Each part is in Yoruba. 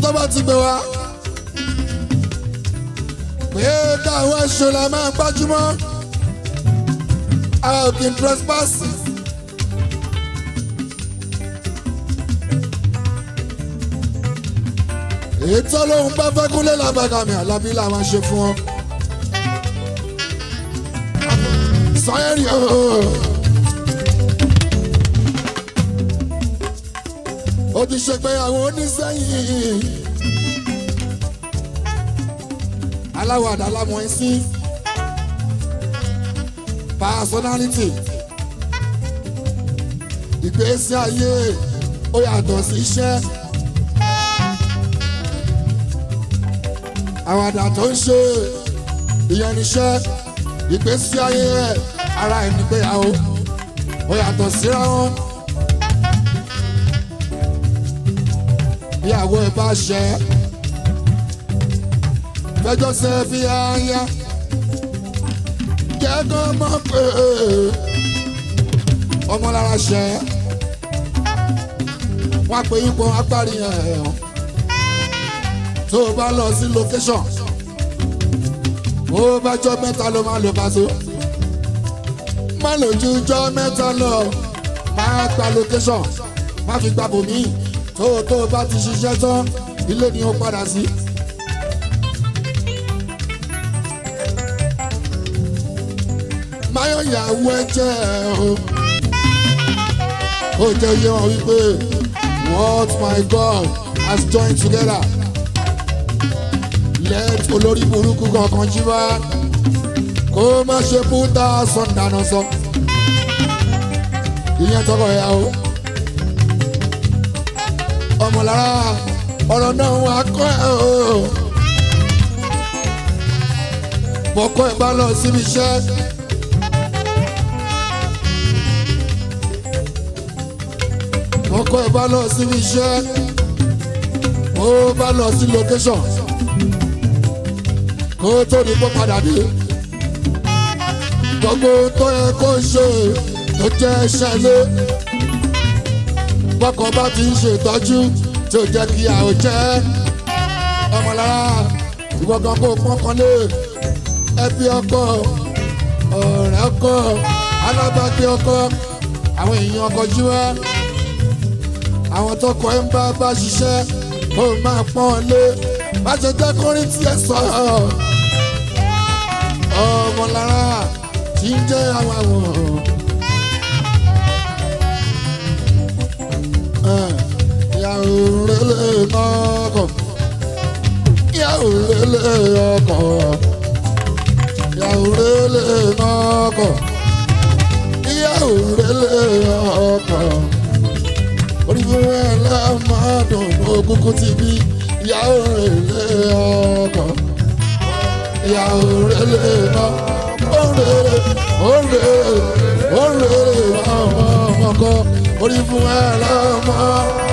tó bá ti gbé wa. pé táwọn ẹ̀ṣọ́ la máa gbájúmọ́ a ò kì í trespass. ètò ọlọ́run bá fẹ́ kúnlẹ̀ làbàgàmì àlàbí làwọn ṣe fún ọ. sọ́yẹ́rì ooo. Oh. ó ti ṣe pé àwọn oníṣẹ́yìn aláwọ̀ àdálámọ̀ ẹ̀ sí personality ìgbésí ayé ó yàtọ̀ sí iṣẹ́ àwàdà tó ń ṣe ìyẹniṣẹ́ ìgbésí ayé ara ẹni gbéyàwó ó yàtọ̀ síra wọn. ìyàwó ẹ bá ṣẹ fẹjọ́ ṣe fi aya jẹ́ kán mọ̀ pé ọmọ lára ṣẹ wọ́n pe yín pọn agbárí ẹ̀hàn tó o bá lọ sí location ó bá jọ mẹ́ta ló máa lò bá so má lò ju jọ mẹ́ta lọ máa gba location má fi gba bòmíì tó o tó o bá ti ṣiṣẹ́ tán ilé ni ó padà sí. máyọ̀ ìyàwó ẹ jẹ́ o ó jẹ́ yé wọn wípé what my God has joined together let olórí burúkú kankan jí wá kó má ṣe pútà sọ̀ndàna sọ ìyẹn tọkọ ẹ̀ yà o ọmọlára ọ̀rọ̀ náà wà kọ́ ẹ̀ o. mo kọ́ ẹ bá lọ síbi iṣẹ́. mo kọ́ ẹ bá lọ síbi iṣẹ́. mo bá lọ sí location. kó tó ní kó padà dé. gbogbo tó yẹ kó ṣe tó jẹ́ ṣẹlẹ̀ bọ́kọ bá ti ń ṣètọ́jú tí ò jẹ́ kí a ò jẹ́ ọmọlára ìwọ gan kó pọ́nkànlé ẹbí ọkọ ọ̀rẹ́ ọkọ alábàgbé ọkọ àwọn èèyàn ọkọ jíwá àwọn tọkọ ẹ ń bá bá ṣiṣẹ́ ó máa pọ́n lé bá ṣe jẹ́ kórin tiẹ̀ sọ ọmọlára tí ń jẹ́ àwọn àwọn. yàwùrẹ́lẹ̀ ọkàn yàwùrẹ́lẹ̀ ọkàn yàwùrẹ́lẹ̀ ọkàn yàwùrẹ́lẹ̀ ọkàn orí fún ẹ lámàdùn òkúkú ti bí yàwùrẹ́lẹ̀ ọkàn yàwùrẹ́lẹ̀ ọkàn òrèrè òrèrè òrèrè ọmọ ọmọ kọ orí fún ẹ lámàdùn.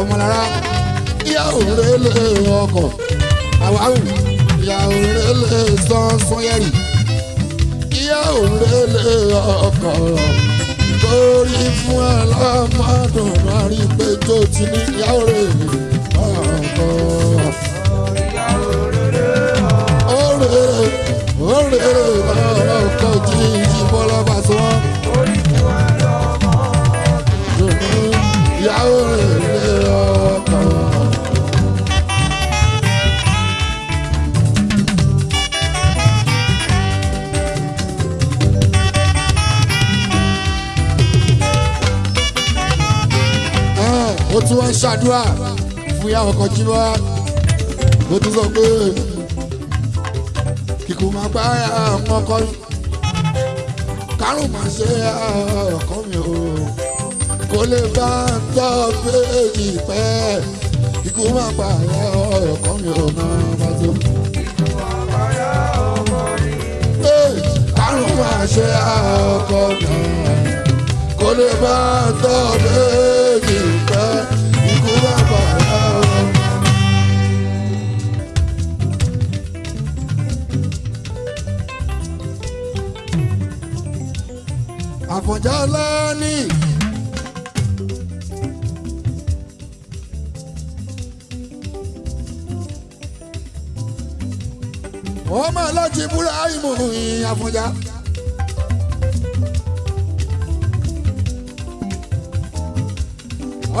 ọmọlára ìyá òré lè ọkọ̀ àwáwù ìyá òré lè sánsan yẹ̀rì ìyá òré lè ọkọ̀ torí fún aláàmọ́dún máa rí pé tó ti ní ìyá òré ọkọ̀. òré òré ọkọ̀ tí wọ́n ń ṣàdúrà fún ìyá ọkọ̀ jimá ó tún sọ pé kíkú máa gbá ọmọ ọkọ kárùn máa ṣe ọkọ mi o kò lè bá ń tọ́ péjì pẹ́ kíkú máa gbá ọkọ mi o máa bá tó. kárùn máa ṣe ọkọ mi kò lè bá tọ́ péjì. Àfọ̀njá Láàní. wọ́n máa láti búra ìmọ̀ràn ìyìn Àfọ̀njá.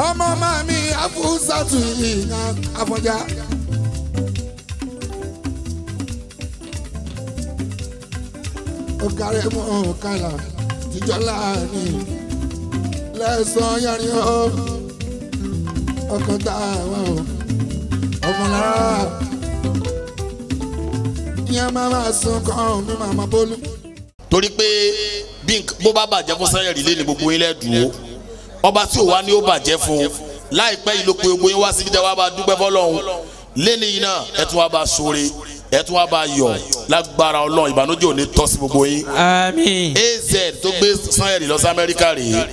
ọmọ máa mi àfúsàtù ìyìn Àfọ̀njá. ó kárẹ́ mọ́ ọ̀ọ́ kálá àtijọ́ láàrin lẹ́sàn-án yẹrin o ọkàn táwọn ọmọlára ìyẹn máa máa sun kan mi máa máa bólú. torí pé bí bó bá bàjẹ́ fún Sanyẹ̀rì lé ní gbogbo yín lẹ́dùn ó ọba tí ò wá ní ó bàjẹ́ fún un láìpẹ́ ìlòpọ̀ gbogbo wá síbi tẹ́ wá bá dúpẹ́ fọlọ́hún lẹ́ni yìí náà ẹ̀ tún wá bá sóore ẹ tún wá bá yọ lágbára Ọlọ́run ìbànújẹ́ ò ní sí gbogbo yín. az tó gbé sanyẹri lọ sí Amẹ́ríkà rèé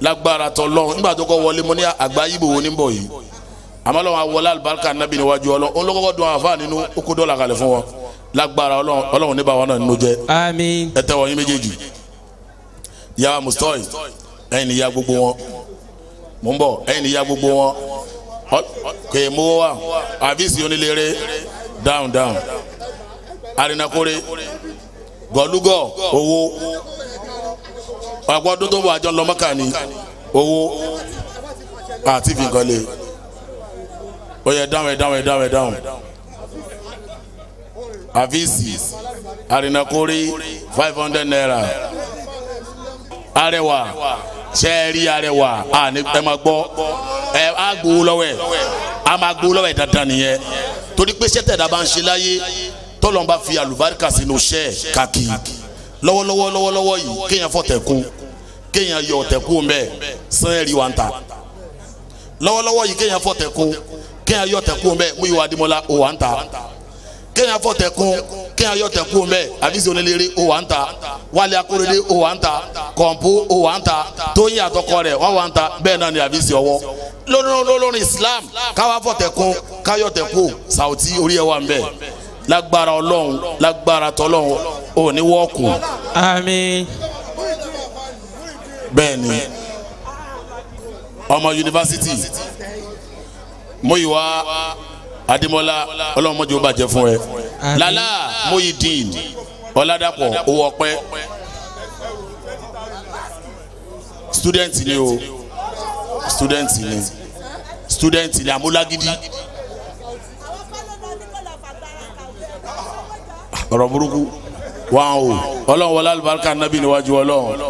lágbára tọlọ́run nígbà tó kọ wọlé mo ní àgbá yìí bò ní bọ̀ yìí àmọ́ lọ́wọ́ awọlé alibarika nàbí níwájú ọlọ́ òun ló kọ́kọ́ dun nínú ó dọ́là kalẹ̀ fún wọn lágbára ọlọ́run níbà wọn náà nínú jẹ́ ẹ tẹ́ wọ́n yín méjèèjì ya mustoi ẹ̀yin ni ya gbogbo wọn mò ń bọ̀ ẹ̀yin ni ya gbogbo wọn kèémó wa àbí ìsìn onílé rẹ̀ down down arinakore gọlúgọ owó ọgbọdún tó bọ àjọ ńlọmọkà ni owó àti fìkànlẹ ó yẹ dáhùn ẹ dáhùn ẹ dáhùn ẹ dáhùn àfíìsì arinakore five hundred naira arẹwà sẹ́ẹ̀rí arẹwà ẹ ma gbọ́ ẹ á gbowó lọ́wọ́ ẹ á ma gbowó lọ́wọ́ ẹ dandan nìyẹn torí pé sẹ́tẹ̀dá bá ń ṣe láyé tọ́lọ́n bá fi àlùbáríkà sínú sẹ́ kàkì lọ́wọ́lọ́wọ́ lọ́wọ́lọ́wọ́ yìí kéèyàn fọ́ tẹ̀kún kéèyàn yọ tẹ̀kún bẹ́ẹ̀ sẹ́ẹ̀rí wa ta lọ́wọ́lọ́wọ́ yìí kéèyàn fọ́ tẹ̀kún kéèyàn yọ tẹ̀kún bẹ́ẹ̀ mú ìwà àdìmọ́lá òwà ta kéèyàn fọ tẹkun kéèyàn yọ tẹkun mẹ àfíìsì onílẹ̀rí ó wà ń ta wálé akóredé ó wà ń ta kọ̀ǹpú ó wà ń ta tóyìn àtọkọ rẹ̀ wọ́n wà ń ta bẹ́ẹ̀ náà ni àfíìsì ọwọ́ lónìí Islam káwá fọ tẹkun káyọ tẹkun sàwùtí orí ẹ wà ń bẹ lágbára Ọlọ́run lágbára tọlọ́run ò ní wọ́ọ̀kù. àmín. bẹ́ẹ̀ni ọmọ yunifásitì Múyìwá adémọ́lá ọlọ́run mọ́jú bàjẹ́ fún ẹ Lala, Muyideen ọ̀làdàpọ̀ owó ọpẹ́ student ni o student ni student ni amúlágídí ọ̀rọ̀ burúkú wọn o ọlọ́run wọlé alùbáríkà nàbí níwájú ọlọ́run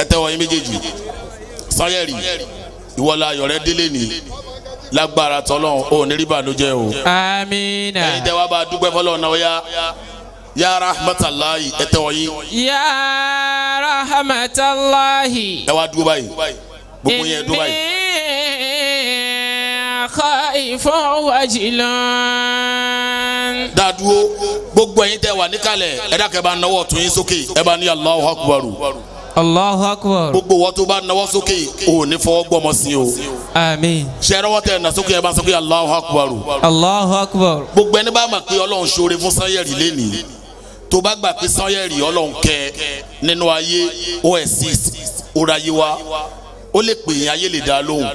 ẹ tẹ́wọ́ yín méjèèjì sanyẹ́rì ìwọ́lá ayọ̀rẹ́ délé nìyí lágbára tọ́lọ́hún ò ní rí bànújẹ́ o. amiina. ẹ̀yin tẹ́ wá bá a dúpẹ́ fọlọ́ náà yá ya rahmatulahi ẹ tẹ wọ̀nyí. ya rahmatulahi. ẹ wá dúró báyìí gbogbo yẹn dúró báyìí. inni khaifun wajilan. gbogbo ẹ̀yin tẹ́ wà níkàlẹ̀ ẹ dákẹ́ bá nọwọ́ tún yín sókè ẹ bá ní Allahu akbaru. Allahu akbar. gbogbo wọn tó bá nawọ́ sókè ò ní fọwọ́ gbọmọ sí o. àmín. sẹ́rọ̀wọ́ tẹ nà sókè ẹ bá sókè Allahu akbar. Allahu akbar. gbogbo ẹni bá mà pé ọlọ́run ṣoore fún Sanyẹ̀rì lẹ́nìí tó bá gbà pé Sanyẹ̀rì ọlọ́run kẹ nínú ayé oasis orayewa ó lè pè yín ayé lè dá lóhùn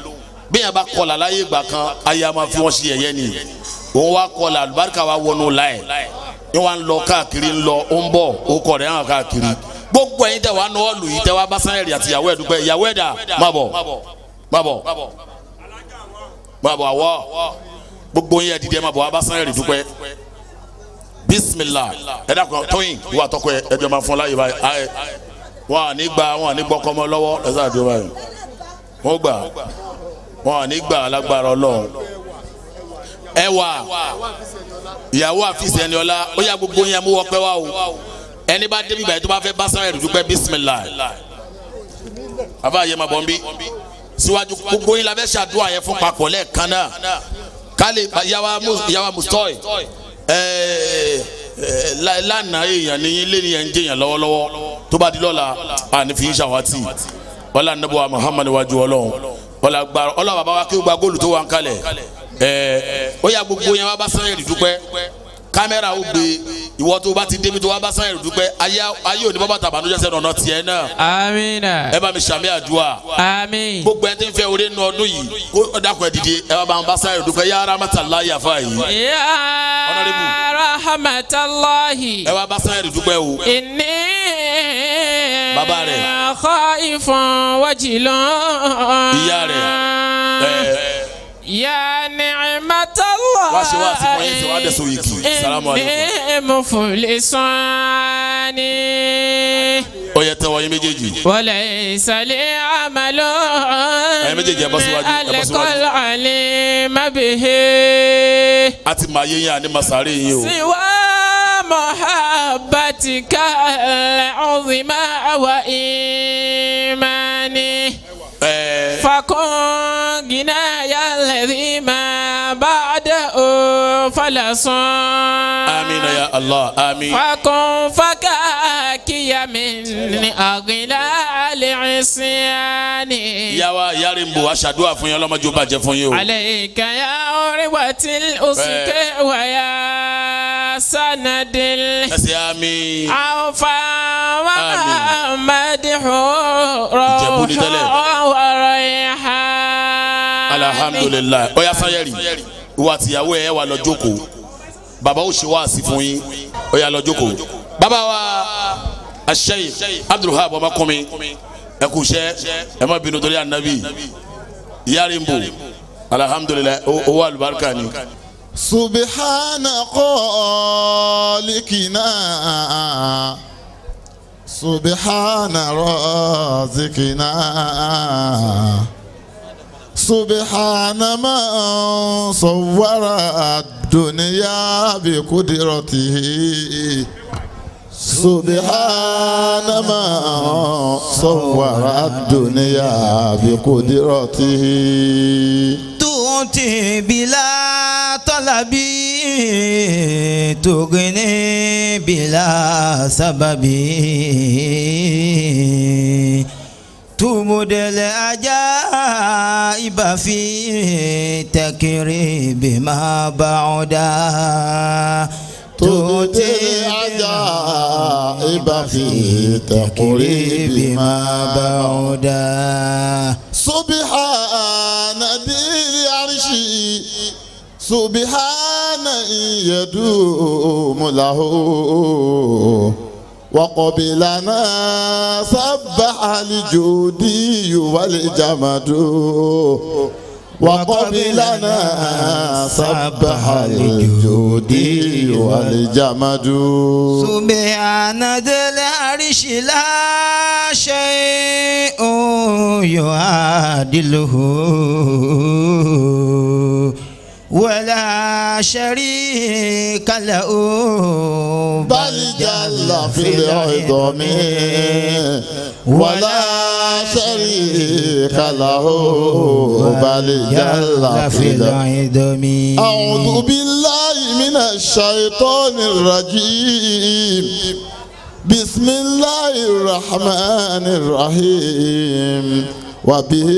bí yẹn bá kọlà láyé ìgbà kan ayé a máa fi wọn ṣe yẹ̀yẹ́ ni òun wá kọlà àlùbáríkà wa wọnú láyé ni wọn lọ káàkiri ńlọ ó ń bọ̀ ó kọ̀ rẹ̀ hàn káàkiri gbogbo ẹ̀yin tẹ wà nù ọ́ lù yìí tẹ wà bá Sanni àti ìyàwó ẹ̀ dúpẹ́ ìyàwó ẹ̀ dà má bọ̀ má bọ̀ má bọ̀ àwọ̀ gbogbo yín ẹ̀ dìde má bọ̀ wà bá Sanni dúpẹ́ bisimilah ẹ dàkọ tóyin wà tọkọ ẹ ẹjọ máa fún láyé báyìí ayé wọn à ní gbà wọn à ní gbọkọmọ lọ́wọ́ ẹ sáà dúró báyìí wọn gbà wọn à ní gbà alágbára Ọlọ́run ẹ wà ìyàwó àfisẹ ẹni ọlá ó yà gbogbo yín amúwọpẹ wa o ẹni bá débi báyìí tó bá fẹ́ bá sáwọn ẹ̀rù dúpẹ́ bisimilayi bàbá yẹn ma bọ̀ nbí síwájú gbogbo yín la fẹ́ ṣàdúrà yẹn fún papọ̀ lẹ́ẹ̀kan náà kálí yàwá mustoi lánàá èèyàn ni yín ni yẹn ń jẹyàn lọ́wọ́lọ́wọ́ tó bá di lọ́la àní fi ń ṣàwátì wọ́lá nàbọ̀ Muhammad wájú ọlọ́run wọ́lá gbàrọ̀ ọlọ́run bàbá wa kí ó gba góòlù tó wà ń kalẹ̀ ó yà gbogbo yẹn wá bá sáyẹ̀rì dúpẹ́ kámẹ́rà ó gbé ìwọ tó bá ti débi tó wá bá sáyẹn dúpẹ́ ayé òní bábà tàbá lójú ẹsẹ̀ tiẹ̀ náà. amiina. ẹ bá mi sàmì àdúrà. àmín. gbogbo ẹ ti ń fẹ́ orí nu ọdún yìí kó dàkún ẹ dìde ẹ bá ń bá sáyẹn dúpẹ́ ya rahmatulahi afa yìí. ya rahmatulahi. ẹ bá bá sáyẹn dúpẹ́ o. ìní. bàbá rẹ̀. kọ́ ìfọ̀n wájìlọ́. ìyá rẹ̀. ẹ̀ẹ́ Ya ni'mata Allah. Wá ṣe wá sí fún yín sí wá dẹ̀ sórí kì. Salamu alaykum. Ní muflisun ni. Ó yẹ tẹ́wọ́ yín méjèèjì. Wọlé ìsàlẹ̀ àmàlọ́. Ẹyin méjèèjì ẹ bá síwájú. Alẹ́kọ̀ọ́ àlẹ́ mábìhé. A ti máa yé yín àní màsáré yín o. Síwá mọ̀hábàtìkà ọ̀zìmá wa ìmánì. Eh. Fakun. غناي الذي ما بعده فلا صام آمين يا الله آمين فكن فكاكي من أغلال عصيان ìyá wa yàrá ń bò wá ṣàdúrà fún yín ọlọ́mọdé ó bàjẹ́ fún yín o. عليك يا عروة الأسك ويا سند الأوفى ومدح روح ورا alhamdulilayi ọ̀ya sanyẹri ìwà àtìyàwó ẹ̀ wà lọ jókòó bàbá ṣe wá sí fún yín ọ̀ya lọ jókòó wa aṣẹ́yì abdulhab ọmọkùnrin ẹ kú iṣẹ́ ẹ má bínú torí ànábì yarimbo alhamdulilayi owó àlùbáríkà ni. سبحان خالقنا سبحان رازقنا سبحان من صور الدنيا بقدرته سبحان من صور الدنيا بقدرته تؤتي بلا طلب تغني بلا سبب تمدل عجائب في تكريب ما بعدا تؤتي العجائب في تقريب ما بعدا سبحان ذي العرش سبحان يدوم له وقبل ما سبح الجودي والجمد وقبلنا سبح الجودي والجمد سبحان ذي العرش لا شيء يعادله ولا شريك له بل جل في العظم ولا شريك له بل جل في العظم أعوذ بالله من الشيطان الرجيم بسم الله الرحمن الرحيم وبه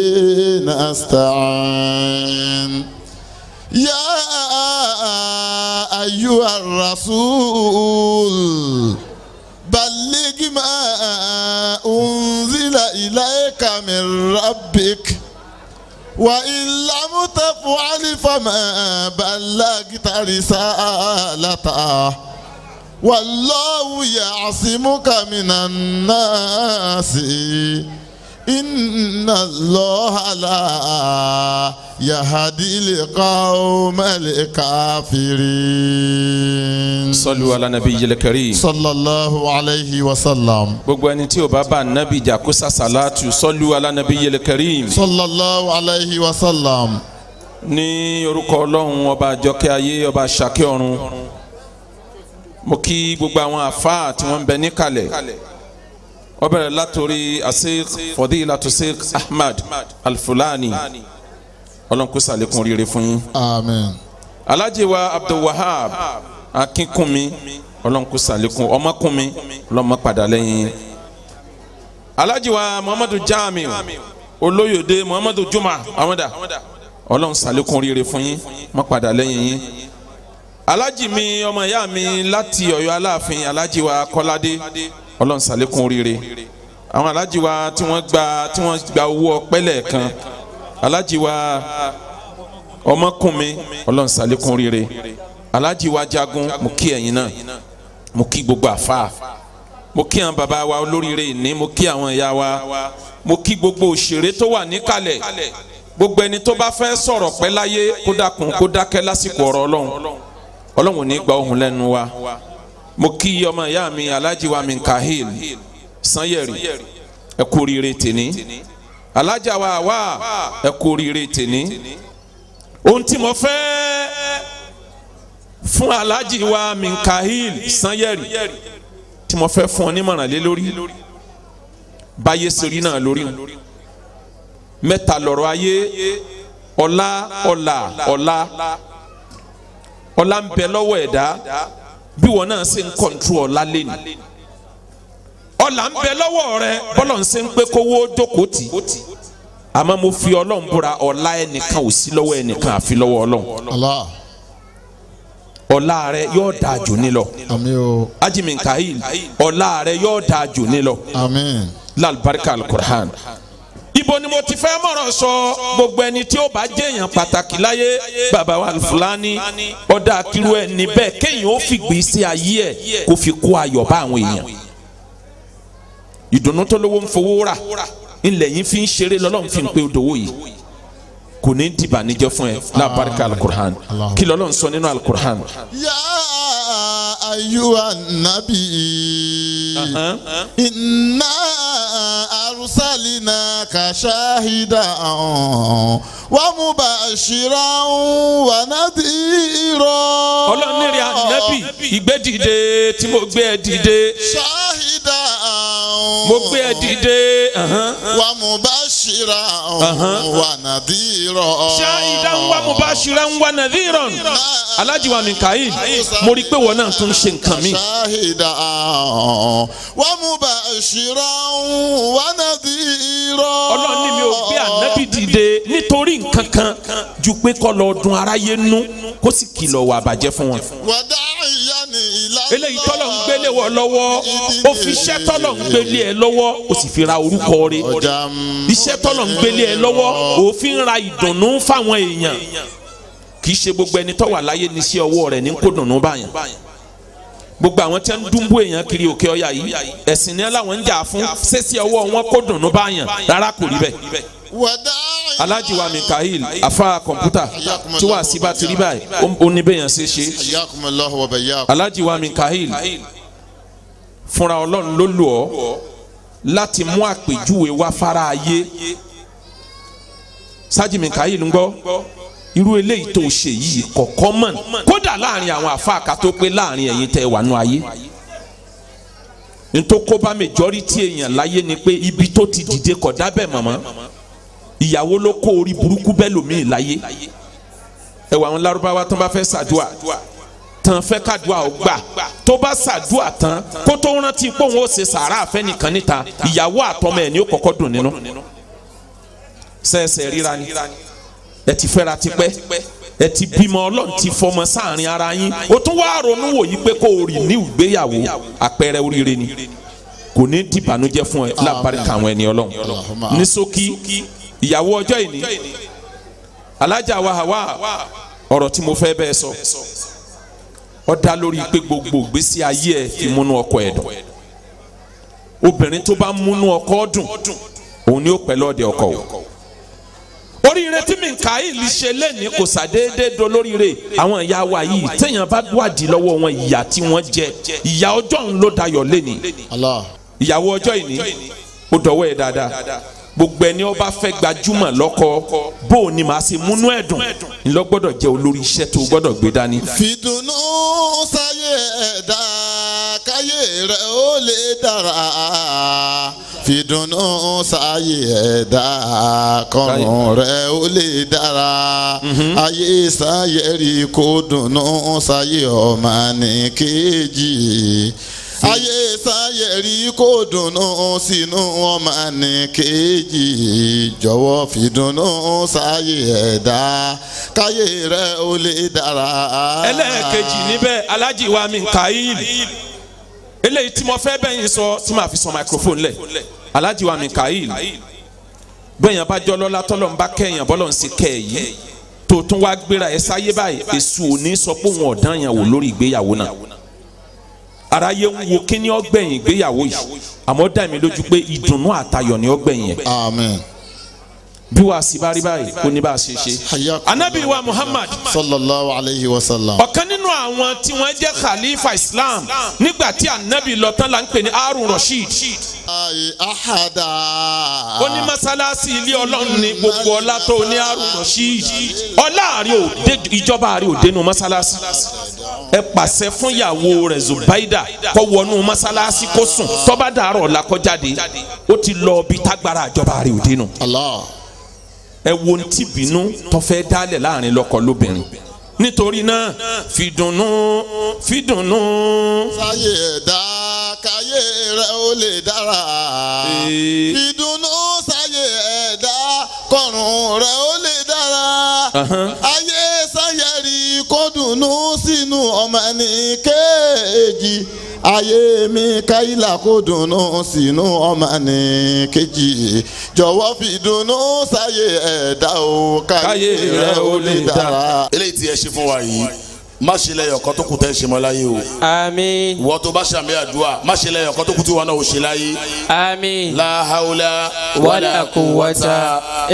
نستعين يا أيها الرسول بلغ ما أنزل إليك من ربك وإن لم تفعل فما بلغت رسالته والله يعصمك من الناس inna allaha la yahadi liqawmal kafirin. sọlù ala nabiyyil karim. sallallahu alayhi wa sallam. gbogbo ẹni tí ó bá bá nabi jà kó sasalatu sọlù ala nabiyyil karim. sallallahu alayhi wa sallam. ní orúkọ ọlọ́run ọba àjọkẹ́ ayé ọba àṣàkẹ́ ọ̀run mo kí gbogbo àwọn àfáà tí wọ́n ń bẹ níkàlẹ̀ ó bẹ̀rẹ̀ látòrí asik fadilatu asik ahmad alfulani ọlọ́nkúsà lẹ́kùn rere fún yín. àmín. alhaji wa abdulwahab akínkúnmi ọlọ́nkúsà lẹ́kùn ọmọkúnmi ọlọ́mọ padà lẹ́yìn. alhaji wa muhammadu jami olóyòde muhammadu juma àwọn dà ọlọ́run sàlékún rere fún yín má padà lẹ́yìn yín alájì mi ọmọ ìyá mi láti ọ̀yọ́ aláàfin alájì wa kọ́ládé ọlọ́run ṣàlékún oríire àwọn alájì wa tí wọ́n gba tí wọ́n gba owó ọpẹ́ lẹ́ẹ̀kan alájì wa ọmọkùnmi ọlọ́run ṣàlékún oríire alájì wa jagun mo kí ẹ̀yin náà mo kí gbogbo àfáà mo kí àwọn bàbá wa olóríire ìní mo kí àwọn ìyá wa mo kí gbogbo òṣèré tó wà níkàlẹ̀ gbogbo ẹni tó bá fẹ́ sọ̀rọ̀ pẹ́ láyé kó dákun kó dákẹ́ lásìkò ọ̀rọ̀ ọlọ́run ọlọ́run ò ní gba ohùn lẹ́nu wa mo kí ọmọ ìyá mi alhaji wa mi kahil sanyẹri ẹ kú oríire tèní alhaja wa wa ẹ kú oríire tèní ohun tí mo fẹ́ fún alhaji wa mi kahil sanyẹri tí mo fẹ́ fún ọ nímọ̀ràn lé lórí báyé sori náà lórí mẹ́ta lọ́rọ̀ ayé ọlá ọlà ọlá ọlá ń bẹ lọ́wọ́ ẹ̀dá bí wọn náà ṣe ń kọ̀ǹtú ọ̀la lẹ́nu ọ̀la ń bẹ lọ́wọ́ rẹ bọ́lọ̀ ń ṣe ń pé kówó jókòó tì àmọ́ mo fi ọlọ́run búra ọ̀la ẹnìkan ò sí lọ́wọ́ ẹnìkan àfi lọ́wọ́ ọlọ́run ọ̀la rẹ yóò dáa jù ní lọ ajimin ọ̀la rẹ yóò dáa jù ní lọ alukur'an ibo ni mo ti fẹ́ mọ̀ràn sọ gbogbo ẹni tí ó bá jẹ́yàn pàtàkì láyé bàbá wa Fúlàní ọ̀dà àkìrú ẹ̀ níbẹ̀ kéèyàn ó fi gbèsè ayé ẹ̀ kó fi kó ayọ̀ bá àwọn èèyàn ìdùnnú tó lówó ń fowó rà ńlẹ̀ yìí fi ń ṣeré lọ́lọ́run fi ń pe odòwò yìí kò ní dìbànújẹ́ fún ẹ lábàríkà alukur'an kí lọ́lọ́run sọ nínú alukur'an. yá ayúwa nàbí. Inna arúsálínà kàṣáhídà wà mú bá ṣìrà wà náàdì irọ́. ọlọ́run ní rí ànábì ìgbé dìde tí mo gbé ẹ dìde. ṣáhídà mo gbé ẹ dìde. wà mú bá ṣíra wà nàdírọ̀. ṣáìdá ń wà mú bá ṣíra ń wà nàdírọ̀. alájí wa Mikail mo rí i pé wọn náà tún ṣe nǹkan mi. ṣáìdá wà mú bá ṣíra wà nàdírọ̀. ọlọ́run ní mi ò gbé ànábì dìde nítorí nǹkan kan ju pé kó lọ dun aráyé nú kó sì kìlọ̀ wà bàjẹ́ fún wọn. wàdà ìyá ni ìlànà. eléyìí tọ́lọ̀ ń gbélé wọ lọ́wọ́ ó tọ́lọ̀ ń gbélé gbélé ẹ lọ́wọ́ o sì fi ra orúkọ rẹ̀ iṣẹ́ tọ́lọ̀ ń gbélé ẹ lọ́wọ́ òfin ra ìdùnnú fáwọn èèyàn kì í ṣe gbogbo ẹni tó láyé ní sí ọwọ́ rẹ̀ ní kó dùnnú báyàn gbogbo àwọn tí wọn dúnbó èèyàn kiri òkè ọyà yìí ẹ̀sìn ni aláwọn ń jà fún sẹ́sì ọwọ́ wọn kó dùnnú báyàn rárá kò rí bẹ́ẹ̀ aláàjì wa Mikael afa kọ̀mpútà tí wàá sí ti rí báyìí ó ní bẹ́yàn ṣe ṣe aláàjì Mikael fúnra ọlọ́run ló lò ọ́ láti mú àpèjúwe wá fara ayé sájìmí káyé ló ń gbọ́ irú eléyìí tó ṣe yìí kọ̀ọ̀kan mọ̀ kódà láàrin àwọn àfáàkà tó pé láàrin ẹ̀yin tẹ́ wà nú ayé ntòkóbá majority èèyàn láyé ni pé ibi tó ti dìde kọ̀ dábẹ́ mọ̀mọ́ ìyàwó ló kó orí burúkú bẹ́ẹ̀ lòmíì láyé ẹ̀wà àwọn lárúbáwá tó bá fẹ́ ṣàdúà tán fẹ́ kádùá ó gbà tó bá ṣàdúà tán kó tó rántí pé òun ó ṣe sàárà àfẹ́nìkan níta ìyàwó àtọmọ ẹ̀ ni ó kọ́kọ́ dùn nínú sẹ́ẹ̀sẹ̀ ríra ni ẹ ti fẹ́ra tipẹ́ ẹ ti bímọ ọlọ́run ti fọmọ sáàrin ara yín o tún wá ronú wòyí pé kó o ní ìgbéyàwó àpẹẹrẹ oríire ni kò ní dìbànújẹ́ fún ẹ lábàríkà àwọn ẹni ọlọ́run ní ṣókí ìyàwó ọjọ́ ìní alájà wa Hawa ọ̀rọ̀ tí mo fẹ́ bẹ́ẹ̀ sọ. So ó dá lórí pé gbogbo ìgbésí ayé ẹ ti múnú ọkọ ẹ dùn obìnrin tó bá múnú ọkọ dùn òun ni ó pẹ́ lọ́ọ̀dẹ ọkọ o oríire tí Mikael ṣe lẹ́ni kò sàdéédé dolóríire àwọn ìyá wa yìí téèyàn bá wádìí lọ́wọ́ wọn ìyà tí wọ́n jẹ ìyà ọjọ́ ń ló dayọ̀ lẹ́ni ìyàwó ọjọ́ ìní ó dọ̀wọ́ ẹ̀ dáadáa gbogbo ẹni ọba fẹ́ gbajúmọ̀ lọ́kọ bó o ní màá ṣe múnú ẹ̀dùn ńlọ gbọ́dọ̀ jẹ́ olórí iṣẹ́ tó gbọ́dọ̀ gbé dání. fìdùnnú sáyé ẹ̀dá káyé rẹ̀ ó lè dára fìdùnnú sáyé ẹ̀dá kọrùn rẹ̀ ó lè dára mhm. ayé sáyé rí kó dùnnú sáyé ọmọ ní kejì ayé sáyẹ rí kó dùnú sínú ọmọ nìkejì jọ̀wọ́ fìdùnú sáyẹ ẹ̀dá káyé rẹ ó lè dára. ẹlẹ́ẹ̀kejì níbẹ̀ alájí wa mi kàáyìn eléyìí tí mo fẹ́ bẹ́yìn sọ tí màá fi sọ microphone lẹ̀ alájí wa mi kàáyìn bẹ́yìn bá jọ lọ́lá tọ́lọ́ ń bá kẹ́yìn bọ́lọ́ ń sì kẹ́ yìí tó tún wá gbéra ẹ sáyé báyìí èṣù ò ní sọ pé òun ọ̀dán yẹn wò lórí ìgbéyàwó náà aráyé ń wo kí ni ọgbẹ̀yìn ìgbéyàwó yìí àmọ́ dá mi lójú pé ìdùnnú àtayọ̀ ni ọgbẹ̀yìn yẹn. Amen bí Sibari sì bá rí báyìí kò ní anabi wa muhammad. sallallahu alayhi wa sallam. ọ̀kan nínú àwọn tí wọ́n jẹ́ khalifa islam nígbà tí anabi lọ tán la ń pè ní harun rasheed. ahada. ó ní masalasi ilé ọlọ́run ní gbogbo ọlá tó ní harun rasheed. ọlá rẹ̀ ò ìjọba rẹ̀ ò dénú masalasi. ẹ pàṣẹ fún ìyàwó rẹ̀ zubaida kó wọnú masalasi kó sùn tó bá dàárọ̀ ó ti lọ bí tágbára ìjọba rẹ̀ ò dénú. Allah ẹ wo ti bínú tọ́fẹ́ dálẹ̀ láàrin lọ́kọ lóbìnrin nítorí náà fìdùnnú fìdùnnú. sáyé ẹ̀dá káyé rẹ̀ ó lè dára fìdùnnú sáyé ẹ̀dá kọ̀rùn rẹ̀ ó lè dára ayé sáyẹ̀rì kó dùnnú sínú ọmọ ẹnì kéèjì ayé mi káyìlá kó dùnú sínú ọmọ ní kejì jọ̀wọ́ fi dùnú sáyé ẹ̀dá o káyé rẹ ó lè dára. eléyìí tí ẹ ṣe fún wa yìí má ṣe lẹ́yọ̀ kan tó kù tẹ́ ṣe mọ́ láyé o. àmín. wọ́n tó bá ṣàmì àdúrà má ṣe lẹ́yọ̀ kan tó kù tí wọn náà ò ṣe láyé. àmín. la hawla wala quwwata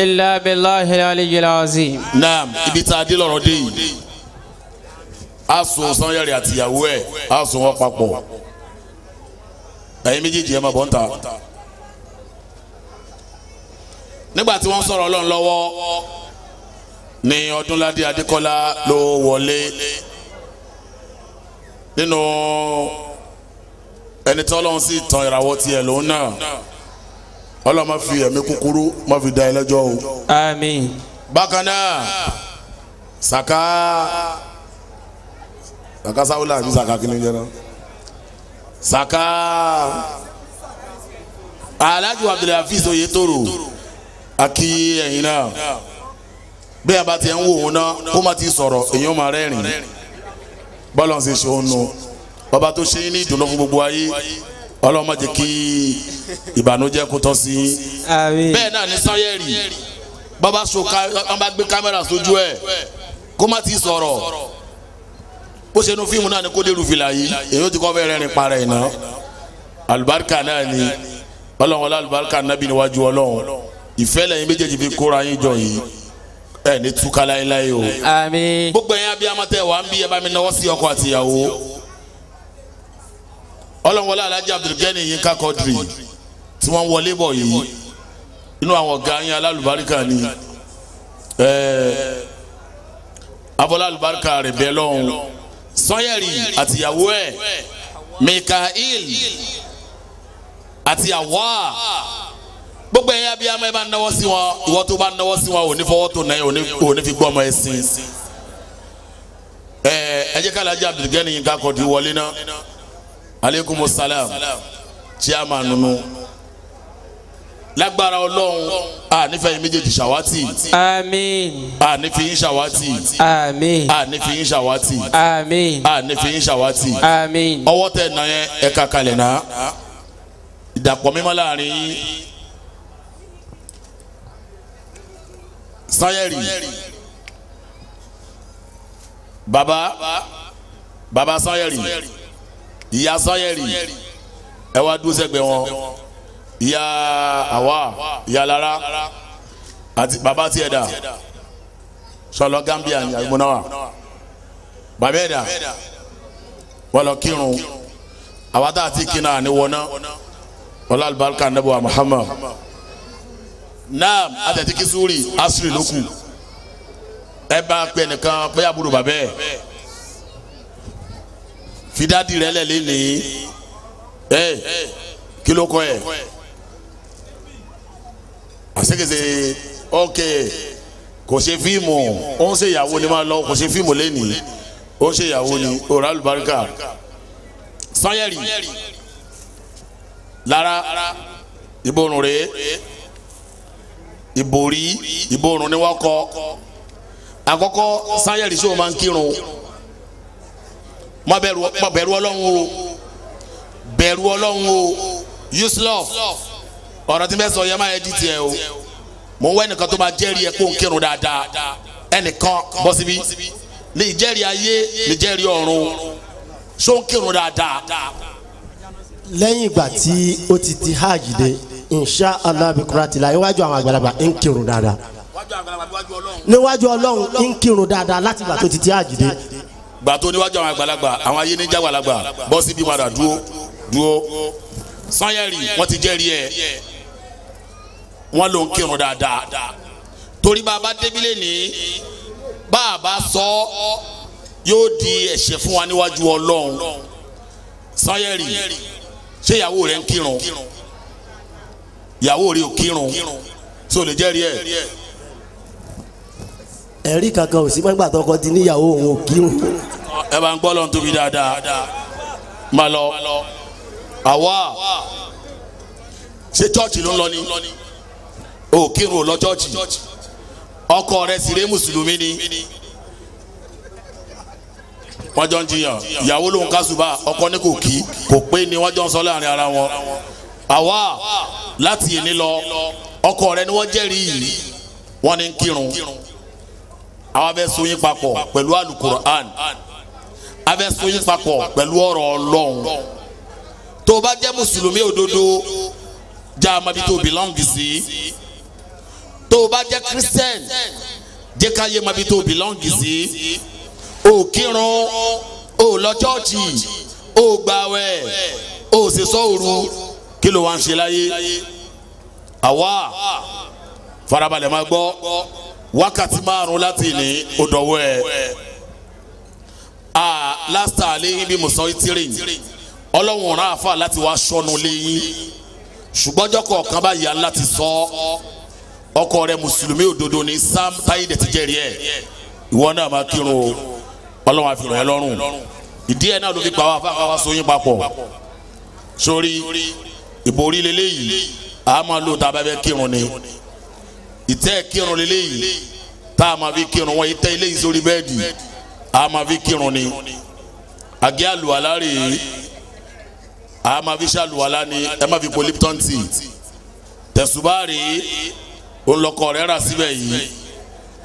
illa billahi al-aliyyil azim. naam ibi tá a dé lọ́rọ̀ dé yìí a sùn sanyẹrì àtìyàwó ẹ a sùn wọn papọ̀ ẹ̀yin méjèèjì ẹ máa bọ̀ ń ta nígbà tí wọ́n sọ̀rọ̀ ọlọ́run lọ́wọ́ ni ọdúnládé adékọ́lá ló wọlé nínú ẹni tí ọlọ́run sì tan ìràwọ̀ tiẹ̀ lòun náà ọlọ́run máa fi ẹ̀mí kúkúrú máa fi dá ẹ o. àmín. bákan náà sàká kàkà sáwùlà àbí sàkà kí ni jẹ́ náà sàkà alhaji abdulhafiz oyetoro àkí ẹ̀yin náà bí a bá ti ń wò wọn náà kó má ti sọ̀rọ̀ èyàn máa rẹ́rìn bọ́lá ń ṣe ṣe òun nù bàbá tó ṣe ní ìdùnnú fún gbogbo ayé ọlọ́mọ jẹ́ kí ìbànújẹ́ kó tọ́ sí i bẹ́ẹ̀ náà ní sanyẹ́rì bàbá gbé kámẹ́rà sójú ẹ̀ kó má ti sọ̀rọ̀ bó ṣe nu fíìmù náà ni kó dérú fìlà yìí èyí ti kọ́ fẹ́ rẹ́rìn para ẹ̀ náà alibarika náà ni ọlọ́run alibarika nàbí níwájú ọlọ́run ìfẹ́ lẹ́yìn méjèèjì fi kóra yín jọ yìí ẹ ní túká láéláé o. àmín. gbogbo ẹ̀yin abiyamọ tẹ wà ń bí ẹ bá mi náwó sí ọkọ àtìyàwó ọlọ́run alájà abdulgani yín ká kọ́dìrì tí wọ́n wọlé bọ̀ yìí inú àwọn ọ̀gá alálùbáríkà ni ẹ̀ẹ́ abọ́lá alùbáríkà rẹ̀ bẹ́ẹ̀ lọ́hùn sanyẹri àtìyàwó ẹ̀ mikael àti àwa gbogbo ẹ̀yin abiyamọ ẹ bá ń náwó sí wọn ìwọ tó bá ń náwó sí wọn ò ní fọwọ́ tó náà ò ní fi gbọ́ ọmọ ẹ sí ẹ ẹ jẹ́ ká Alhaji Abdulgani Yinka Quadri wọlé náà aleykum salam chairman lágbára ọlọ́run a nífẹ̀ẹ́ yín méjèèjì ṣàwátì. àmín. a yín ṣàwátì. àmín. a yín ṣàwátì. àmín. a yín ṣàwátì. àmín. ọwọ́ tẹ̀ náà yẹn ẹ̀ka kalẹ̀ náà ìdàpọ̀ mímọ́ láàrin yín sanyẹ̀rì baba baba sanyẹ̀rì ìyá sanyẹ̀rì ẹ wá dúró sẹ́gbẹ̀ẹ́ wọn. Ya awa ya lara, àti bàbá tiẹ̀ dà sọlọ Gambia ní agbónáwà bàbá ẹ̀ dà wọ́n lọ kírun àwa tá ti kí náà ní wọná wọ́n nebo wa Muhammad naam àtẹ̀tí kí sùúrì asiri ló kù ẹ bá pẹ nìkan pé àbúrò fidadi rẹ lẹ lele ẹ kí ló àṣekèsè ọkẹ kò ṣe fíìmù ó ń ṣe ìyàwó ni máa lọ kò ṣe fíìmù lẹ́nìí ó ń ṣe ìyàwó ni òrà àlùbáríkà sanyẹ̀rì lára ìborùn rèé ìborí ìborùn ni wọ́n kọ àkọ́kọ́ sanyẹ̀rì sọ máa ń kírun má bẹ̀rù ọlọ́run o bẹ̀rù ọlọ́run o yusuf ọ̀rọ̀ tí n bẹ sọ yẹn máa yẹ di tiẹ̀ o mò ń wá ẹnìkan tó máa jẹ́rìí ẹ kó n kírun dáadáa ẹnìkan bọ́ síbí lè jẹ́rìí ayé lè jẹ́rìí ọ̀run ṣó ń kírun dáadáa. lẹ́yìn ìgbà tí ó ti ti hajj dé insha allah bi ti la iwájú àwọn àgbàlagbà ń kírun dáadáa níwájú ọlọ́run ń kírun dáadáa láti ìgbà tó ti ti hajj dé. gbàtó níwájú àwọn àgbàlagbà àwọn ayé níjà àgbàlagbà bọ́ síbí padà dúró dúró sanyẹri wọn ti jẹ́rìí ẹ wọn ló ń kírun dáadáa torí bàbá débílẹ̀ ní bàbá sọ yóò di ẹ̀ṣẹ̀ fún wa níwájú ọlọ́run sanyẹ̀rì ṣé ìyàwó rẹ̀ ń kírun ìyàwó rẹ̀ ò kírun so lè jẹ́rìí ẹ̀. ẹ̀rí kankan ò sí fún ìgbà tọkọ ti níyàwó òun ò kírun. ẹ bá ń gbọ́ lọ́n tóbi dáadáa má lọ àwa ṣé chọ́ọ̀chì ló ń lọ ni o kírun lọ chọ́ọ̀chì ọkọ rẹ sì ré mùsùlùmí ni wọ́n jọ ń jiyàn ìyàwó lòun kásùbà ọkọ ní kò kí kò pé ni wọ́n jọ ń sọ láàrin ara wọn àwa láti èní lọ ọkọ rẹ ni wọ́n jẹ́rìí yìí wọ́n ní kírun àwa fẹ́ so yín papọ̀ pẹ̀lú alukur'an a fẹ́ so yín papọ̀ pẹ̀lú tó o bá jẹ́ mùsùlùmí òdodo já a tó o bí lọ́ngì sí i tó o bá jẹ́ christian jẹ́ ká yé mabi tó o belong sí o kírun o lọ chọ́ọ̀chì o gbàwẹ̀ o sì sọ òru kí ló wá ń ṣe láyé àwa farabalẹ̀ máa gbọ́ wákàtí márùn láti ní odòwò ẹ̀ a lásìtà àléyìn bí mùsùlùmí tìrì ọlọ́run rán àfa láti wá sọnù léyìn ṣùgbọ́n jọ́kọ̀ọ̀kan bá yà láti sọ ọ́ ọkọ rẹ mùsùlùmí òdodo ni sam táyé dẹ̀ ti jẹ́rìí ẹ̀ ìwọ náà máa kírun o ọlọ́run àfihàn ẹ lọ́rùn ìdí ẹ̀ náà ló fi pa wá fáwọn wá sóyún papọ̀ sórí ìborí leléyìí a máa lò tá a bá fẹ́ kírun ni ìtẹ́ kírun leléyìí tá a máa fi kírun wọn ìtẹ́ eléyìí sórí bẹ́ẹ̀dì a máa fi kírun ni àgẹ́ àlùwàlá rèé a máa fi ṣàlùwàlá ni ẹ má fi pò Lipton òun lọkọ rẹ̀ rà síbẹ̀ yìí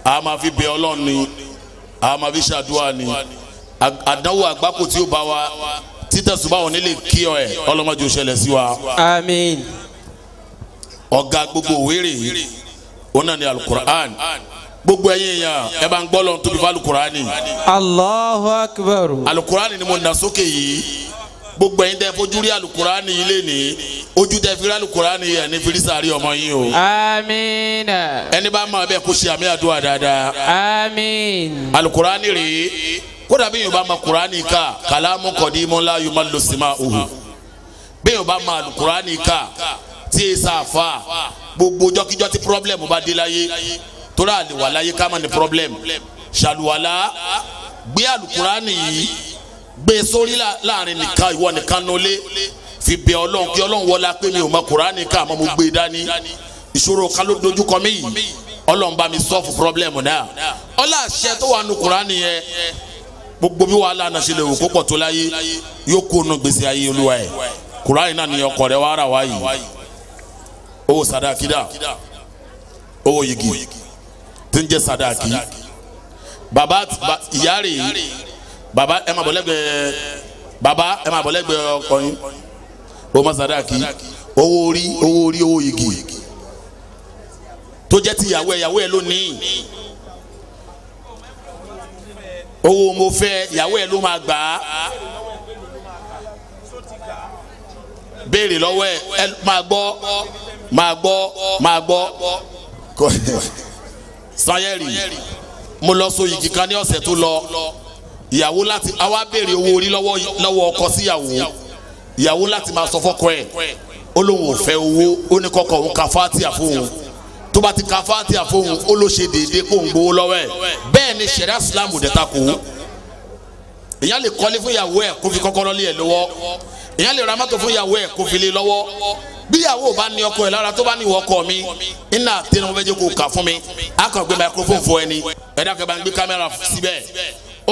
a máa fi bẹ ọlọ́run ni a máa fi ṣàdúrà ni àdánwò àgbákò tí ó bá wa títẹ̀sùn báwọn nílé kí ọ ẹ̀ ọlọ́mọdé ó sí wa. àmín. ọ̀gá gbogbo wéré òun náà ni alukur'an gbogbo ẹ̀yin èèyàn ẹ bá ń gbọ́ lọ́n tóbi fún alukur'ani. Allahu akbar. alukur'ani ni mo nà sókè yìí gbogbo ẹ̀yin tẹ́ fojú rí alukurani yìí lénìí ojú tẹ́ fi rí alukurani yìí ẹni firisa ọmọ yín o. amiina. ẹni bá máa bẹ kó ṣe àmì àdúrà dáadáa. amiin. alukurani rèé kódà bí yorùbá ma kurani ká kàlámù kọ̀dímọ́lá yorùbá lọ sí ma òhù bí yorùbá ma alukurani ká tí e sá fa gbogbo jọ́kíjọ́ tí pírọ́blẹ̀mù bá dé láyé tó rà lè wà láyé ká má ní pírọ́blẹ̀mù ṣàlùwàlá gbé alukurani yìí. gbé sórí láàrin nìkan ìwọ nìkan nulẹ̀ fi bẹ ọlọ́run kí ọlọ́run wọlá pé mi ò mọ kuraani ká àmọ́ mo gbé dání ìṣòro kan ló dojú kọ mí yìí ọlọ́run bá mi sọ́ọ̀fù pírọ́blẹ́mù náà ọlá àṣẹ tó wà nù kuraani yẹn gbogbo bi wa ala ṣe lè wò kópọ̀ tó láyé yóò kó nu gbèsè ayé olúwa ẹ̀ kuraani náà nìyẹn ọkọ rẹ wàá rà wá owó sadakida owó yìgì tí ń jẹ sadaki baba ìyá rèé. baba ẹ máa bọ̀ lẹ́gbẹ̀ẹ́ baba ẹ máa bọ̀ lẹ́gbẹ̀ẹ́ ọkọ yín o ma sadaki owó orí owó orí owó igi tó jẹ́ ti ìyàwó ẹ̀ ìyàwó ẹ̀ lónìí owó mo fẹ́ ìyàwó ẹ̀ ló máa gbà á béèrè lọ́wọ́ ẹ̀ máa gbọ́ máa gbọ́ máa gbọ́ sanyẹ́rì mo lọ so igi kan ní ọ̀sẹ̀ tó lọ ìyàwó láti àwa béèrè owó orí lọ́wọ́ ọkọ síyàwó ìyàwó láti máa sọ fọ́kọ ẹ̀ ó lóun ò fẹ́ owó ó ní kọ́kọ́ òun ka fátíà fóun tó bá ti ka fátíà fóun ó ló ṣe déédéé kó ń gbowó lọ́wọ́ ẹ̀ bẹ́ẹ̀ ni sẹ̀ríà sílámù dẹ́ta kò ó èyàn lè kọ́lé fún ìyàwó ẹ̀ kó fi kọ́kọ́rọ́ lé ẹ̀ lọ́wọ́ èyàn lè ra mọ́tò fún ìyàwó ẹ̀ kó fi lé e lọ́wọ́ bí ìyàwó bá ní ọkọ ẹ̀ lára tó bá ní ìwọ ọkọ mi iná àtẹnumọ́ fẹ́ jẹ́ fún mi á microphone fún ẹni ẹ̀dá kẹ́ bá ń gbé kámẹ́rà síbẹ̀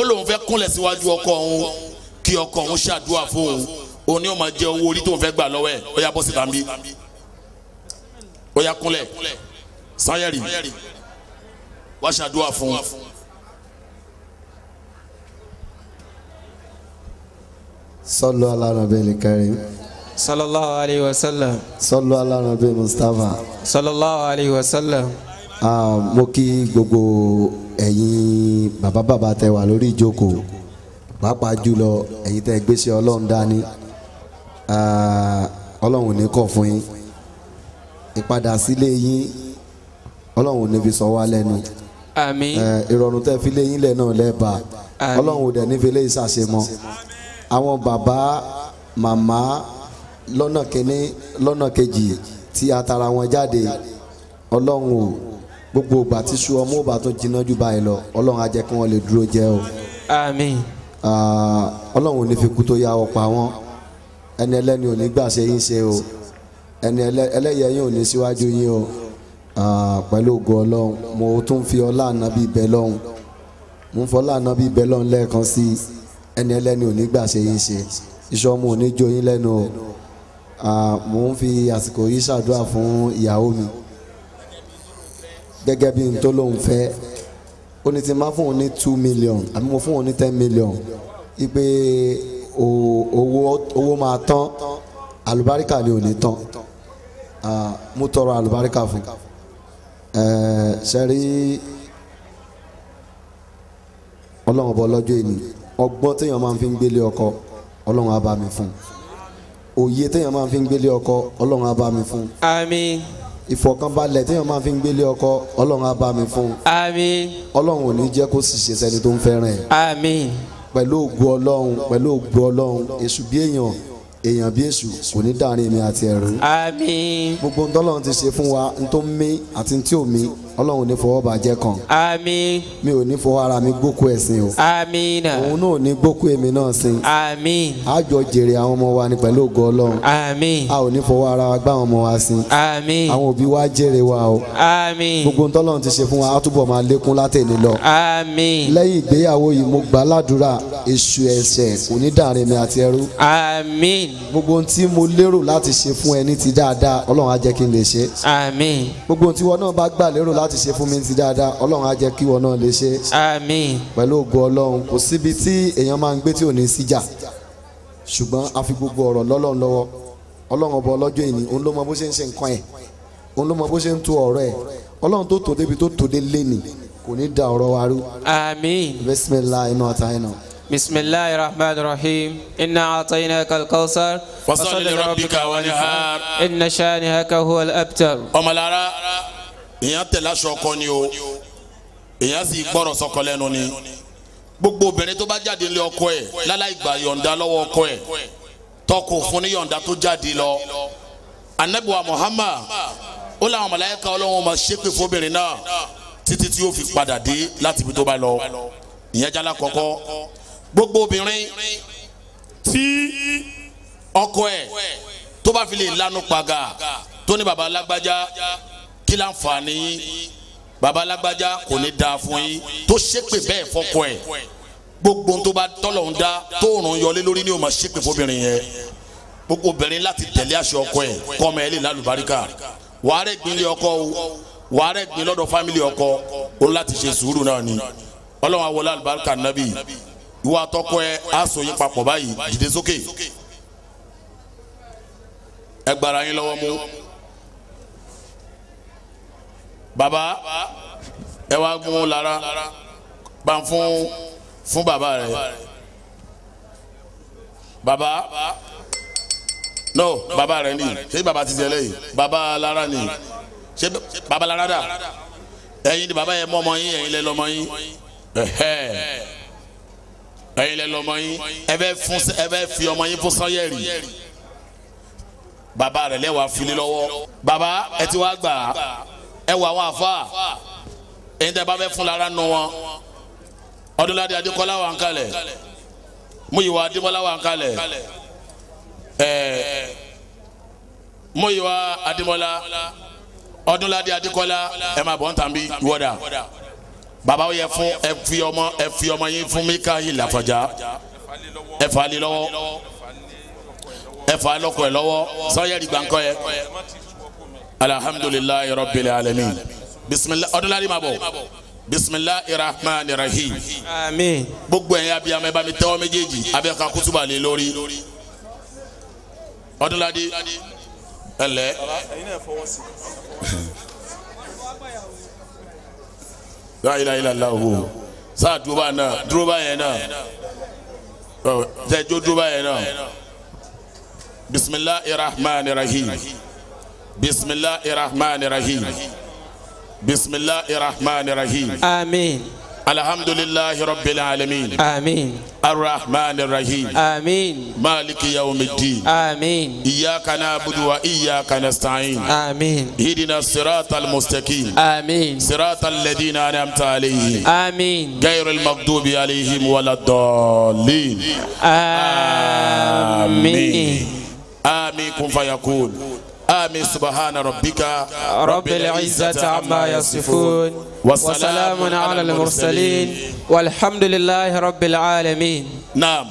ó lóun fẹ́ kúnlẹ̀ síwájú ọkọ òun kí ọkọ òun ṣàdúrà fóun òun ni ó máa jẹ owó orí tóun fẹ́ gbà lọ́wọ́ ẹ̀ ó yá bọ́ síta nbí ó yá kúnlẹ̀ Sanyẹ̀rì wá ṣàdúrà fún un. sọlọ alárànbẹ nìkẹrin. sallallahu alayhi wa sallam. sọlọ alárànbẹ mustapha. sallallahu alayhi wa sallam. Ah, mo kí gbogbo ẹ̀yin bàbá bàbá tẹ wà lórí ìjókòó pàápàá jùlọ ẹ̀yin tẹ gbé sí ọlọ́run dání ọlọ́run ní kọ̀ fún yín ìpadà sílé yín ọlọ́run ní fi sọ wá lẹ́nu àmín ìrọ̀rùn tẹ fi lé yín lẹ̀ náà lẹ́ẹ̀bà ọlọ́run ò dẹ̀ ní fi lé ìsàṣe mọ́ àwọn bàbá màmá lọ́nà kínní lọ́nà kejì tí a tara wọn jáde ọlọ́run ò gbogbo ìgbà tí su ọmọ ò bá jiná jù báyìí lọ ọlọ́run á kí wọ́n lè dúró jẹ́ o. àmín. ọlọ́run ò ní fi kú tó yá ọ ẹni ẹlẹ́ni ò ní gbà ṣe yín ṣe o ẹni ẹlẹ́yẹ yín ò ní síwájú yín o pẹ̀lú ògo ọlọ́run mo tún fi ọlá ànábì bẹ lọ́hùn mo ń fọlá ànábì bẹ lọ́hùn lẹ́ẹ̀kan sí ẹni ẹlẹ́ni ò ní gbà ṣe yín ṣe iṣẹ́ ọmọ ò ní jó yín lẹ́nu o mo ń fi àsìkò yìí ṣàdúrà fún ìyàwó gẹ́gẹ́ bí n tó lóun fẹ́ ó ní ti máa fún òun ní two million àbí mo fún òun ní ten million ipe owó owó máa tán àlùbáríkà ni ò ní tán mo tọrọ àlùbáríkà fún ṣẹ́rí ọlọ́run ọba ọlọ́jọ́ èní ọgbọ́n téèyàn máa fi ń gbélé ọkọ ọlọ́run á bá mi fún òye téèyàn máa fi ń gbélé ọkọ ọlọ́run á bá mi fún ìfọ̀kànbalẹ̀ téèyàn máa fi ń gbélé ọkọ ọlọ́run á bá mi fún. àmín. ọlọ́run ò ní jẹ́ kó sì ṣe sẹ́ni tó ń fẹ́ràn ẹ̀. àmín. pẹ̀lú ògo ọlọ́run pẹ̀lú ògo ọlọ́run èṣù bí èèyàn èèyàn bí èṣù kò ní dàrin mi àti ẹ̀rù. àmín. gbogbo ntọ́lọ́run ti ṣe fún wa ntó mi àti ntí ò ọlọ́run ní fọwọ́ bàjẹ́ kan. àmín. mi ò ní fọwọ́ ara mi gbókù ẹ̀sìn o. àmín na. òun náà ní gbókù èmi náà sin. àmín. a jọ jèrè àwọn ọmọ wa ni pẹ̀lú ògo ọlọ́run. àmín. a ò ní fọwọ́ ara wa gbá àwọn ọmọ wa sin. àmín. àwọn òbí wa jèrè wa o. àmín. gbogbo ohun tọ́lọ́run ti ṣe fún wa á túbọ̀ máa lékún látẹ̀lé lọ. àmín. lẹ́yìn ìgbéyàwó yìí mo gbà ládùúrà èṣù ẹ̀ṣẹ̀ kò mi láti ṣe fún mi ti dáadáa ọlọ́run á jẹ́ kí wọn náà lè ṣe. àmín. pẹ̀lú ògo ọlọ́run kò síbi tí èèyàn máa ń gbé tí ò ní síjà ṣùgbọ́n a fi gbogbo ọ̀rọ̀ lọ́lọ́run lọ́wọ́ ọlọ́run ọba ọlọ́jọ́ ìní òun ló mọ bó ṣe ń ṣe nǹkan ẹ̀ òun ló mọ bó ṣe ń tu ọ̀rọ̀ ẹ̀ ọlọ́run tó tò débi tó tò léni kò ní da ọ̀rọ̀ wa rú. àmín. bisimilahi بسم الله الرحمن الرحيم إنا أعطيناك الكوثر فصل لربك ونهار إن شانئك هو الأبتر èèyàn tẹ̀lé aṣọ ọkọ ni o èèyàn sì gbọ́rọ̀ sọkọ lẹ́nu ni gbogbo obìnrin tó bá jáde lé ọkọ ẹ̀ láláì gbà yọ̀ǹda lọ́wọ́ ọkọ ẹ̀ tọkọ fún ní yọ̀ǹda tó jáde lọ anabiwa Muhammad ó làwọn màláíkà Ọlọ́run ma ṣépè fóbìnrin náà títí tí yóò fi padà dé láti ibi tó bá lọ ìyẹn jálá kọ́kọ́ gbogbo obìnrin tí ọkọ ẹ̀ tó bá fi lè lanu pàgà tó ní baba lágbájá kí láǹfààní babalágbájá kò ní dáa fún yín tó ṣépè bẹ́ẹ̀ fọ́kọ ẹ̀ gbogbo tó bá tọ́lọ̀ ń dá tóòrùn yọlé lórí ni o máa ṣépè fóbìnrin yẹn gbogbo obìnrin láti tẹ̀lé àṣẹ ọkọ ẹ̀ kọ́mọ ẹ̀ lè lálùbáríkà wàárẹ̀ gbinlẹ̀ ọkọ o wàárẹ̀ gbin lọ́dọ̀ fámìlì ọkọ o láti ṣe sùúrù náà ni ọlọ́run awọ lálùbáríkà nàbì ìwọ àtọkọ ẹ aṣọ yín papọ̀ báyìí dìde sókè yín lọ́wọ́ mú baba ẹ wá gún lára bá fún fún baba rẹ baba no baba rẹ ni ṣé baba ti tẹlẹ yìí baba lára ni ṣé baba lára dà ẹ̀yin ni baba yẹ mọ ọmọ yín ẹ̀yin lẹ lọmọ yín ẹ̀yin lẹ lọmọ yín ẹ bẹ fún ẹ bẹ fi ọmọ yín fún sọyẹrì baba rẹ lẹwàá fili lọ́wọ́ baba ẹ ti wá gbà á ẹ wọ àwọn àfa ẹ̀yin tẹ́ bá fẹ́ fún lára nù wọn ọdúnládé adékọ́lá wà ń kalẹ̀ múyìwá adémọ́lá wà ń kalẹ̀ ẹ̀ẹ́ múyìwá adémọ́lá ọdúnládé adékọ́lá ẹ máa bọ̀ ń tàn bí wọ́dà bàbá yẹ fún ẹ fi ọmọ ẹ fi ọmọ yín fún mi ká yìí làfàjà ẹ fà á lé lọ́wọ́ ẹ fà á lọ́kọ̀ ẹ lọ́wọ́ sọ́yẹ́rì gbàǹkọ́ yẹ alhamdulilayi rabbil alamin bisimilayi ọdúnladi ma bọ bisimilayi rahmani rahim àmín gbogbo ẹ̀yin abiyamọ ẹ bá mi tẹ́wọ́ méjèèjì abẹ́ ka kutuba lé lórí ọdúnladi ẹlẹ. láyìláyìláyìláwò sáà dúró bá náà dúró bá yẹn náà jẹjọ dúró yẹn náà bisimilayi rahmani rahim. بسم الله الرحمن الرحيم بسم الله الرحمن الرحيم آمين الحمد لله رب العالمين آمين الرحمن الرحيم آمين مالك يوم الدين آمين إياك نعبد وإياك نستعين آمين هدنا الصراط المستقيم آمين صراط الذين أنعمت عليهم آمين غير المغضوب عليهم ولا الضالين آمين آمين كن فيكون آمين سبحان ربك رب العزة عما يصفون وسلام على المرسلين والحمد لله رب العالمين نعم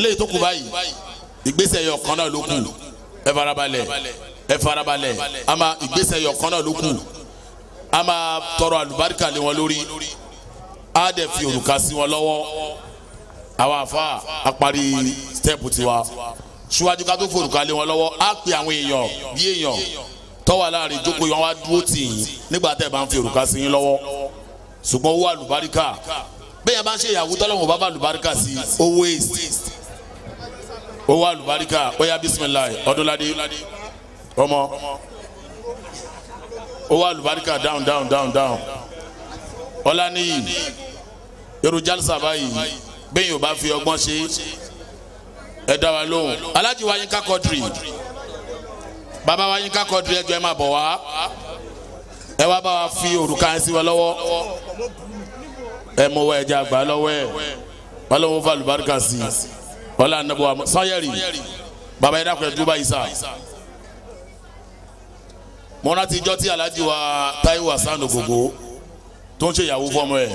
eléyìí tó kù báyìí ìgbésẹ̀ yọ kan náà ló kù ẹ farabalẹ̀ ẹ farabalẹ̀ àmà ìgbésẹ̀ yọ kan náà ló kù àmà tọrọ àlùbáríkà lé wọn lórí á dẹ̀ fi òrùka sí wọn lọ́wọ́ àwọn àfa àparí stẹ́ẹ̀pù tiwa síwájú ká tó forúkọ lé wọn lọ́wọ́ á pe àwọn èèyàn bí èèyàn tọ́wọ́ láàrin jókòó yìí wọ́n á dúró tì yín nígbà tẹ́ ẹ bá ń fi òrùka sí yín lọ́wọ́ ṣùgbọ́n owó àlùbáríkà bẹ́ẹ̀ bá ń ṣe ìyàwó tọ́lọ́wọ́n bá bá àlùbáríkà sí owó èsì owó àlùbáríkà bóyá bisimilayi ọdúnládé ọmọ owó àlùbáríkà down down down down ọlá níyì èròjà sábà yìí bẹ́ẹ̀ yóò bá fi ọgbọ́n ṣe é ẹ dá wa lóhùn alájí wa Yínká Quadri bàbá wa Yínká Quadri ẹjọ ẹ máa bọ̀ wá ẹ wá bá wa fi òrùka ẹ sí wa lọ́wọ́ ẹ mọ wá ẹja àgbà lọ́wọ́ ẹ wọn lọ́wọ́ fún alùbáríkà sí wọn là ń nàbọ̀ àmọ́ sanyẹ̀rì bàbá yẹn dàkúrẹ́ dúró báyìí sá mọ́nà tí ijọ́ tí alájí wa Táíwò Hasan Ògògó tó ń ṣe ìyàwó fọ́mọ ẹ̀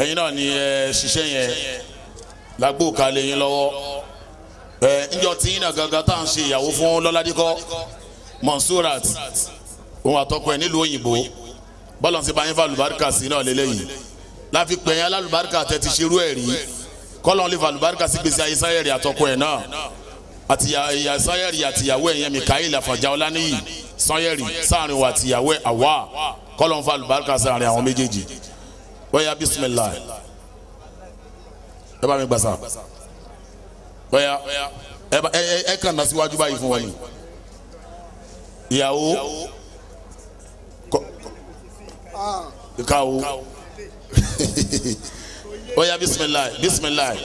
ẹ̀yin náà ni ẹ ṣiṣẹ́ yẹn lágbó kalẹ̀ yín lọ́wọ́ ẹ njọ tí yín náà gangan tá à ń ṣe ìyàwó fún lọ́ládíkọ́ Monsurat òun àtọkọ ẹ̀ nílùú òyìnbó bọ́lọ̀nsì bá yín fa àlùbáríkà sí náà lélẹ́yìn láfi pẹ̀yìn alálùbáríkà tẹ́ ti ṣerú ẹ̀ rí kọ́lọ́n lè fa àlùbáríkà sí gbèsè ayé sáyẹ̀rì àtọkọ ẹ̀ náà àti ìyá sáyẹ̀rì àtìyàwó ẹ̀ Mikael àfàjà ọláníyì sáyẹ̀rì sáàrin wa àtìyàwó ẹ̀ àwa kọ́lọ́n fa àlùbáríkà sáàrin àwọn méjèèjì bóyá bisimilahi ọ̀yà ẹ kàn ná síwájú báyìí fún wọn ni ìyàwó ìkàwó ọ̀yà bisimilayi bisimilayi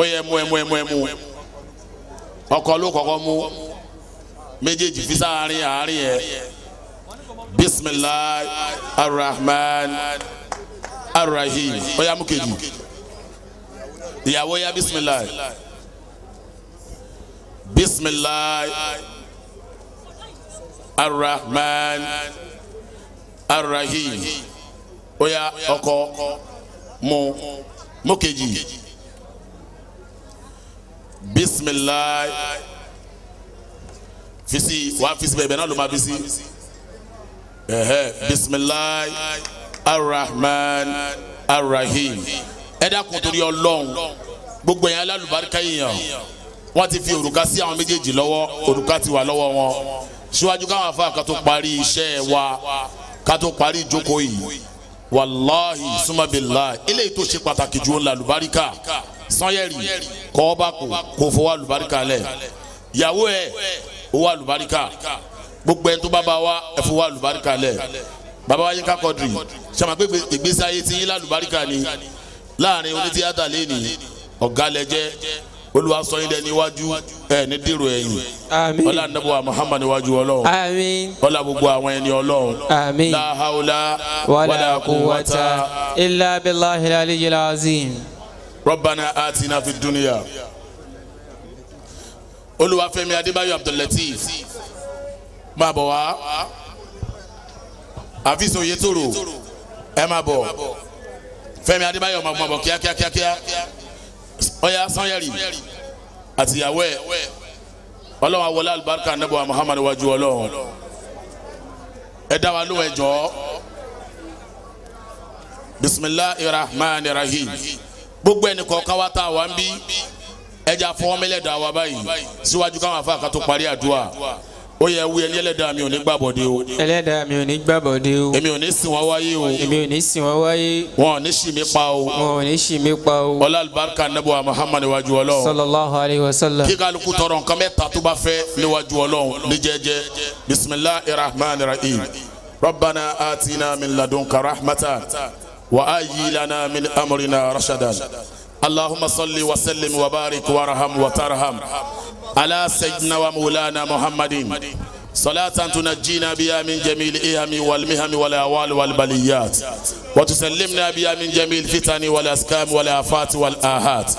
ọ̀yà ẹmu ẹmu ẹmu ẹmu ọkọ ló kọ́kọ́ mú méjèèjì fi sáárín àárín yẹn bisimilayi arahman arahim ọ̀yà mú kejì ìyàwó ọ̀yà bisimilayi bisimilayi arahman arahim ó yá ọkọ mu mú kejì bisimilayi fisi wa fisi bẹ́ẹ̀ bẹ́ẹ̀ náà ló máa fisi ẹ̀hẹ́ bisimilayi arahman arahim ẹ dákun torí Ọlọ́run gbogbo yẹn alálùbáríkà yìí hàn wọ́n ti fi òrùka sí àwọn méjèèjì lọ́wọ́ òrùka ti wà lọ́wọ́ wọn síwájú káwọn afa ká tó parí iṣẹ́ wa ká tó parí ìjókòó yìí wàláhì sumabila eléyìí tó ṣe pàtàkì ju ńlá lùbáríkà sanyẹri kọ́ọ́bà kò kò fọwọ́ lùbáríkà lẹ̀ yàwó ẹ̀ owó àlùbáríkà gbogbo ẹni tó bá bá wa ẹ fọwọ́ àlùbáríkà lẹ̀ bàbá wa Yínká Quadri sàmàgbé ìgbésí ayé ti yín lálùbáríkà ni láàrin onítíyàtà lẹ́ni ọ̀gá lẹ́jẹ́ olúwa sọ dẹ níwájú ẹ ní dèrò ẹ̀yìn ọlá nàbọ muhammad níwájú ọlọ́run ọlá gbogbo àwọn ẹni ọlọ́run àmín la hawla wala quwwata illa billahi aliyyil azim. rabbana atina adébáyọ̀ abdullatif máa bọ̀ wá àfisùn yetoro ẹ máa bọ̀ fẹ́mi adébáyọ̀ máa bọ̀ kíákíákíá ọ̀yà sanyẹ̀rì àtìyàwó ẹ̀ ọlọ́wọ́ wọlé alibarika anabuwa muhammadu wájú ọlọ́wọ́ ẹ dá wa ló ẹ jọ bisimilahi rahman rahim gbogbo ẹnì kọ̀ọ̀kan wa tá a wà ń bí ẹ jà fọwọ́mẹ́lẹ̀ báyìí síwájú káwọn afa àkàtó parí àdúrà ó yẹ wí ẹni ẹlẹ́dàá mi ò ní gbàbọ̀dé o. ẹlẹ́dàá mi ò ní gbàbọ̀dé o. èmi ò ní sìn wá wáyé o. èmi ò ní sìn wá wáyé. wọn ò ní sì mí pa o. wọn ò ní sì mí pa o. ọlá alibarika nebo wa níwájú ọlọ́run. sallallahu alayhi wa sallam. kí kálukú tọrọ nǹkan bẹ́ẹ̀ tààtú bá fẹ́ níwájú ọlọ́run ní jẹ́jẹ́ bisimilahi rahman rahim rabbana atina min ladunka rahmatan wa ayyilana min amrina rashadan allahumma salli wa sallim wa barik wa raham wa tarham ala sayyidina wa mawlana muhammadin salatan tunajjina biha min jamil ihami wal mihami wal awal wal baliyat wa tusallimna biha min jamil fitani wal askam wal afat wal ahat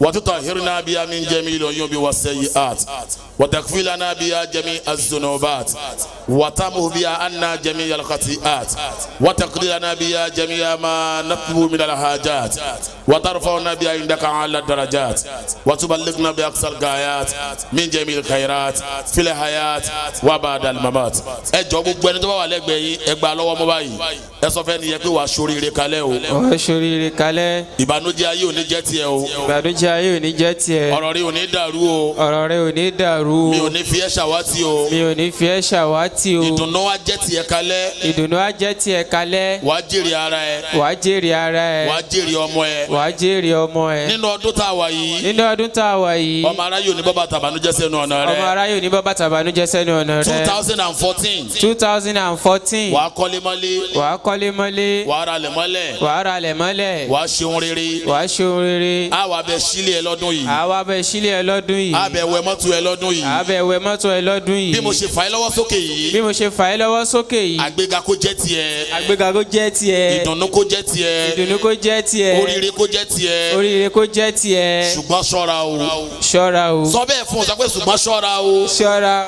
وتطهرنا بها من جميع العيوب والسيئات وتكفي لنا بها جميع الذنوبات وتمه بها عنا جميع الخطيئات وتقضي لنا بها جميع ما نطلب من الحاجات وترفعنا بها عندك على الدرجات وتبلغنا بأقصى الغايات من جميع الخيرات في الحياة وبعد الممات ẹ jọ̀ọ́ gbogbo ẹni tó bá wà lẹ́gbẹ̀ẹ́ yín ẹ gbà lọ́wọ́ mọ́ báyìí ẹ sọ fẹ́ni yẹ pé wàá ṣoríire kalẹ̀ o. wàá ṣoríire kalẹ̀. ìbànújẹ́ ayé ò ní jẹ́ tiẹ̀ o. ìbànújẹ́ ìgbésí ayé ò ní jẹ́ tiẹ̀. ọ̀rọ̀ rẹ ò ní dàrú o. ọ̀rọ̀ rẹ ò ní dàrú o. mi ò ní fi ẹ́ ṣàwátì o. mi ò ní fi ẹ́ ṣàwátì o. ìdùnnú wa jẹ́ tiẹ̀ kalẹ̀. ìdùnnú wa jẹ́ tiẹ̀ kalẹ̀. wàá jèrè ara ẹ. wàá jèrè ara ẹ. wàá jèrè ọmọ ẹ. wàá jèrè ọmọ ẹ. nínú ọdún tá a wà yìí. nínú ọdún tá a wà yìí. ọmọ aráyò ní bàbá tàbánújẹ́ sẹ́nu ọ̀nà rẹ. ọmọ aráyò ní sílé ẹ lọ́dún yìí. àwa bẹ sílé ẹ lọ́dún yìí. a bẹ wẹ mọ́tò ẹ lọ́dún yìí. a bẹ wẹ mọ́tò ẹ lọ́dún yìí. bí mo ṣe fà ẹ́ lọ́wọ́ sókè yìí. bí mo ṣe fà ẹ́ lọ́wọ́ sókè yìí. àgbéga kó jẹ́ tiẹ̀. àgbéga kó jẹ́ tiẹ̀. ìdùnnú kó jẹ́ tiẹ̀. ìdùnnú kó jẹ́ tiẹ̀. oríire kó jẹ́ tiẹ̀. oríire kó jẹ́ tiẹ̀. ṣùgbọ́n ṣọ́ra o. ṣọ́ra o. sọ fún ọ pé ṣùgbọ́n ṣọ́ra o. ṣọ́ra o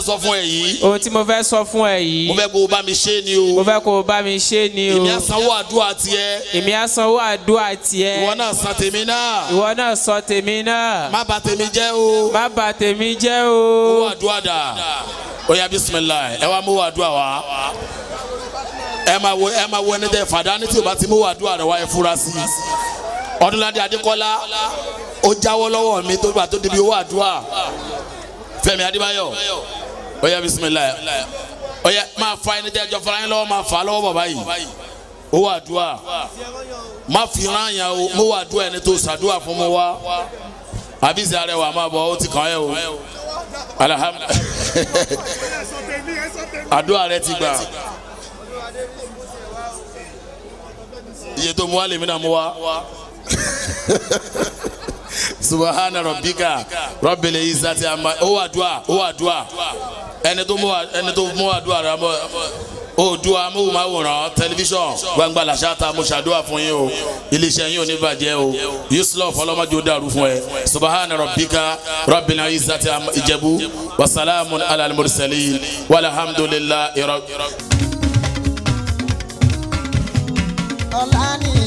fẹ́ sọ fún ẹ yìí. ohun tí mo fẹ́ sọ fún ẹ yìí. mo fẹ́ kó o bá mi ṣe ni o. mo fẹ́ kó o bá mi ṣe ni o. èmi á sanwó àdúrà tiẹ̀. èmi á sanwó àdúrà tiẹ̀. ìwọ náà san tèmi náà. ìwọ náà san tèmi náà. má bà tèmi jẹ́ o. má bà tèmi jẹ́ o. owó àdúrà dà. ó yá ẹ wá mú àdúrà wá ẹ máa wo ẹ máa wo ẹni tẹ fàdá ní tí o bá ti mú wà rẹ wá ẹ fura sí i Ọdúnládé Adékọ́lá ó jáwọ́ lọ́wọ́ mi tó gbà tó débi owó àdúrà Fẹ́mi Adibayo. ó yá bisimilayi ó yá máa fa ẹni tẹ́ jọ fara yín lọ́wọ́ máa fa lọ́wọ́ bàbá yìí ó wà dua má fi hàn yàn o mo wà dùà ẹni tó sàdùà fún mi wá àbí ìsì àrẹwà máa bọ̀ ó ti kàn ẹ́ o alihamudulilayi àdúrà rẹ ti gbà iye tó mu wá lèmi náà mu wá. subahana rabbika rabbil izzati amma ó wà dùà O wà dùà ẹni tó mú wa ẹni tó mú wa dùà rà mọ́ oòdùà amóhùnmáwòrán tẹlifíṣàn gbangba làṣà ta mo ṣàdúrà fún yín o iléeṣẹ́ yín ò ní bàjẹ́ o yusuf ọlọ́mọdé ó dàrú fún ẹ subahana rabbika rabbil izzati amma ìjẹ̀bú wasalaamu alal mursalin walhamdulillahi. ọ̀la ni.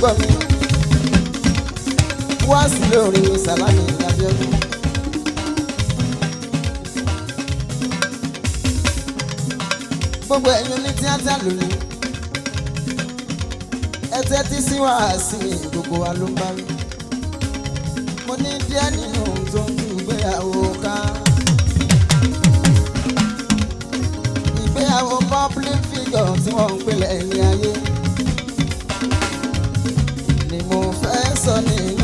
gbọ́ mi wá sí lórí sàlámì lábíọ́dún. gbogbo ẹ̀yin ní tíátà lónìí ẹ tẹ́tí sí wá sí gbogbo wa ló ń bá mi mo ní díẹ̀ nínú tó ń fi ìgbéyàwó ká. ìgbéyàwó public figure tí wọ́n ń pèlè ní ayé. mo fẹ́ sọ nìyí.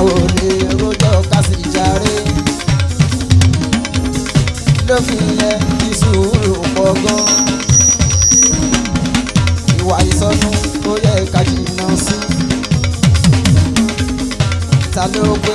káwọ́ lè rojọ́ ká sì jàre. lófin yẹn kí sùúrù pọ̀ gan. ìwà ìsọnù ó yẹ ká jìnnà sí. ta ló gbé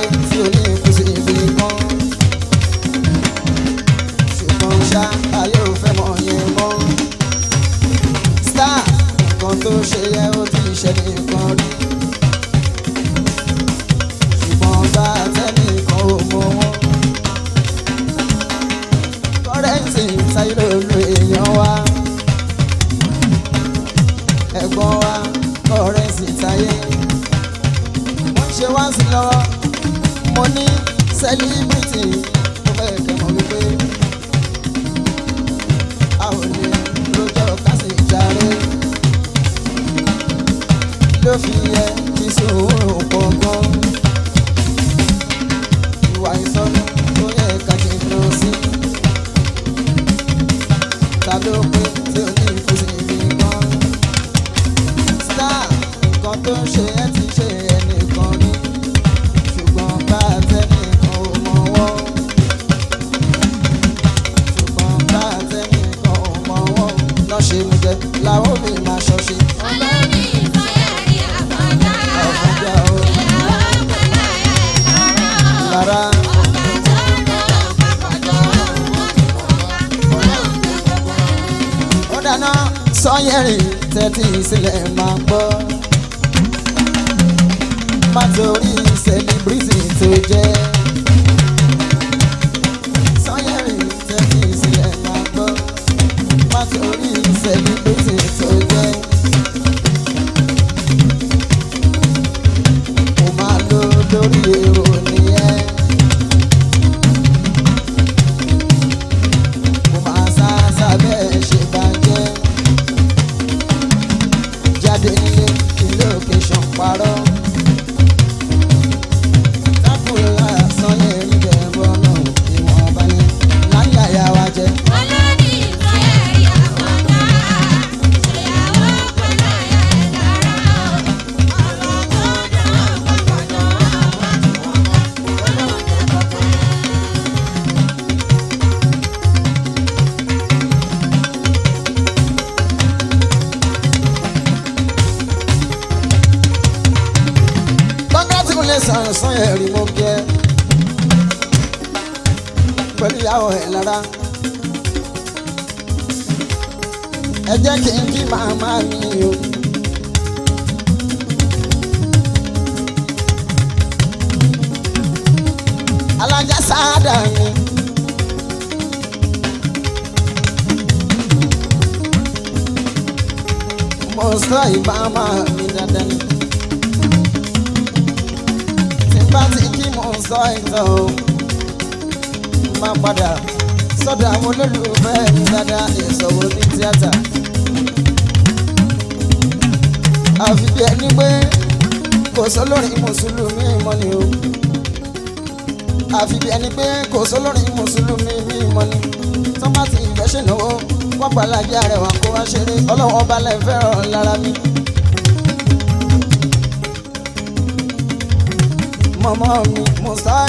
Mami, Musai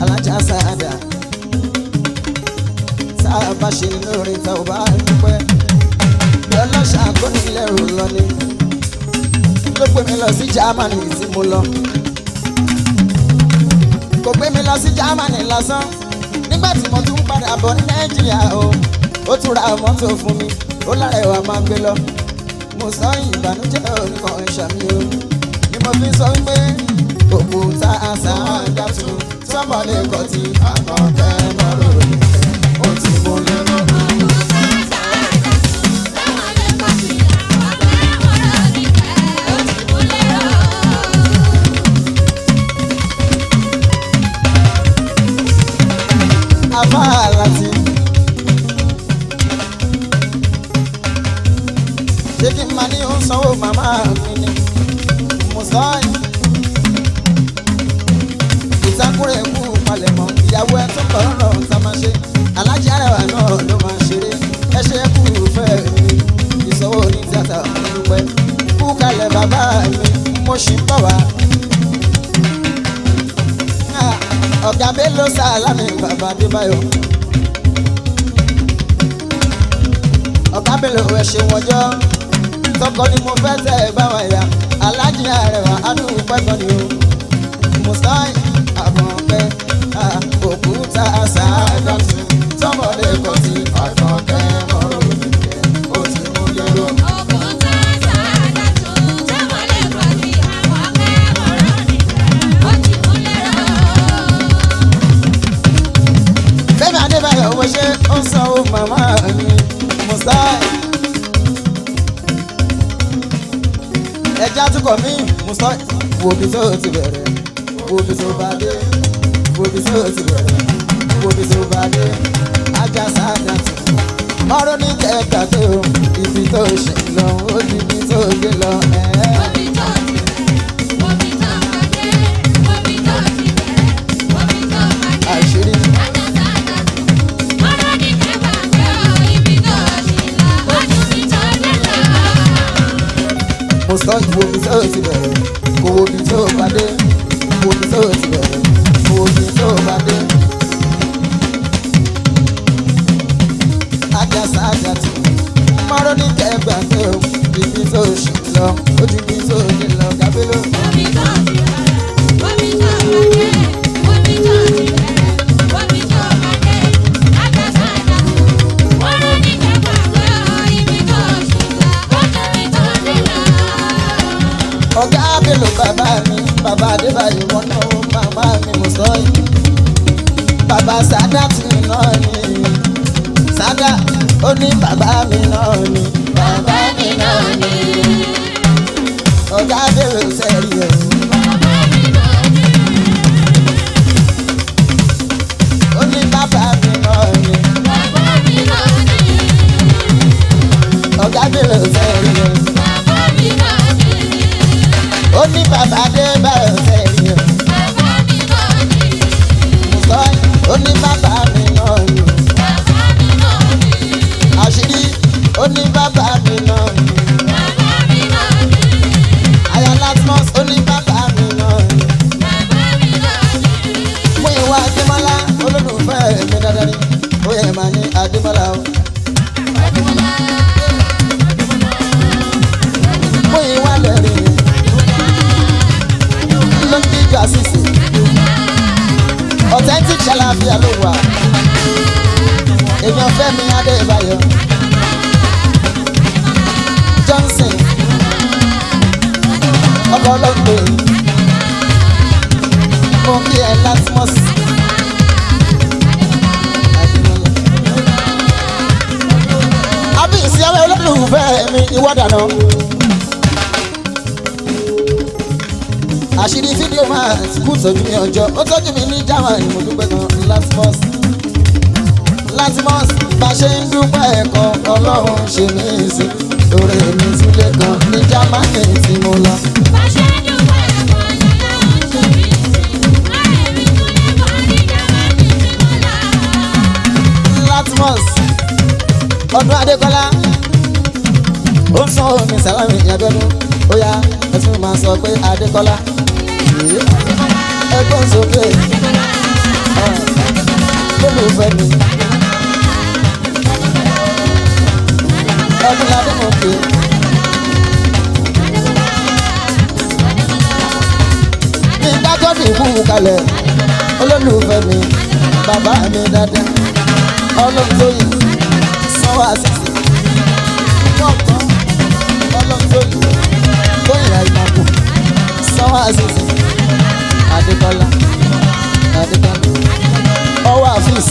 alájà sáadà sábà ṣe lórí tá ò bá dúpẹ́ bí ọlọ́ṣà kò ní lẹ́rù lọ ni ló gbé mi lọ sí Germany tí mo lọ kò mi lọ sí Germany lásán nígbà tí mo tún padà bọ̀ ní Nàìjíríà o ó tún ra mọ́tò fún mi ó lárẹ̀wà máa gbé lọ Musai ìbànújẹ́ oníkan ìṣàmì o ni mo fi sọ pé òkúta àṣà àjàtú sábàlẹ̀ kọ́ ti àkọ́kẹ́ lọ́rọ̀ rẹ̀ ó ti mú lẹ́nu. Bye. fẹ́ ṣe wọn jọ́ tọkọ ni mo fẹ́ tẹ̀ báwọn ẹ̀yà alájí àrẹwà adùn pẹ́gbọ́n ni o mùsáì. mo sọ ju omi tó ti bẹ̀rẹ̀ kò omi tó bá dé omi tó ti bẹ̀rẹ̀ omi tó bá bàbá adébáyọ̀ wọn náà màmá mi mo sọ yìí bàbá sádàtì náà ni sádà ó ní bàbá mi náà ni. bàbá mi náà ni. ọ̀gá bèrè sẹ́yìn o. ó ní bàbá dé bá ọ̀sẹ̀ yìí o. bàbá mi kò ní. ó ní bàbá. kí wá dáná. àṣírí fídíò máa kú sójú mi ọjọ́ ó tọ́jú mi ní germany mo kan ní germany bá ṣe ń dúpẹ́ ẹ̀kọ́ ọlọ́run ṣe ní ìsìn lórí mi sílé kan ní germany tí mo lọ. lasmus ọdún adékọlá ó ń sọ omi sàlámì ìyàbẹ́nu ó yá ẹ tún máa sọ pé adékọ́lá ẹgbọ́n sókè olùfẹ́ mi ọdún ládé mọ̀ pé. ní dájọ́dì ìkúwù kalẹ̀ olólùfẹ́ mi bàbá mi dáadáa ọlọ́run tó yìí sanwó àṣìṣe. ọwọ́ àṣìṣe Adébọ́lá Adébọ́lá ọwọ́ àfíìs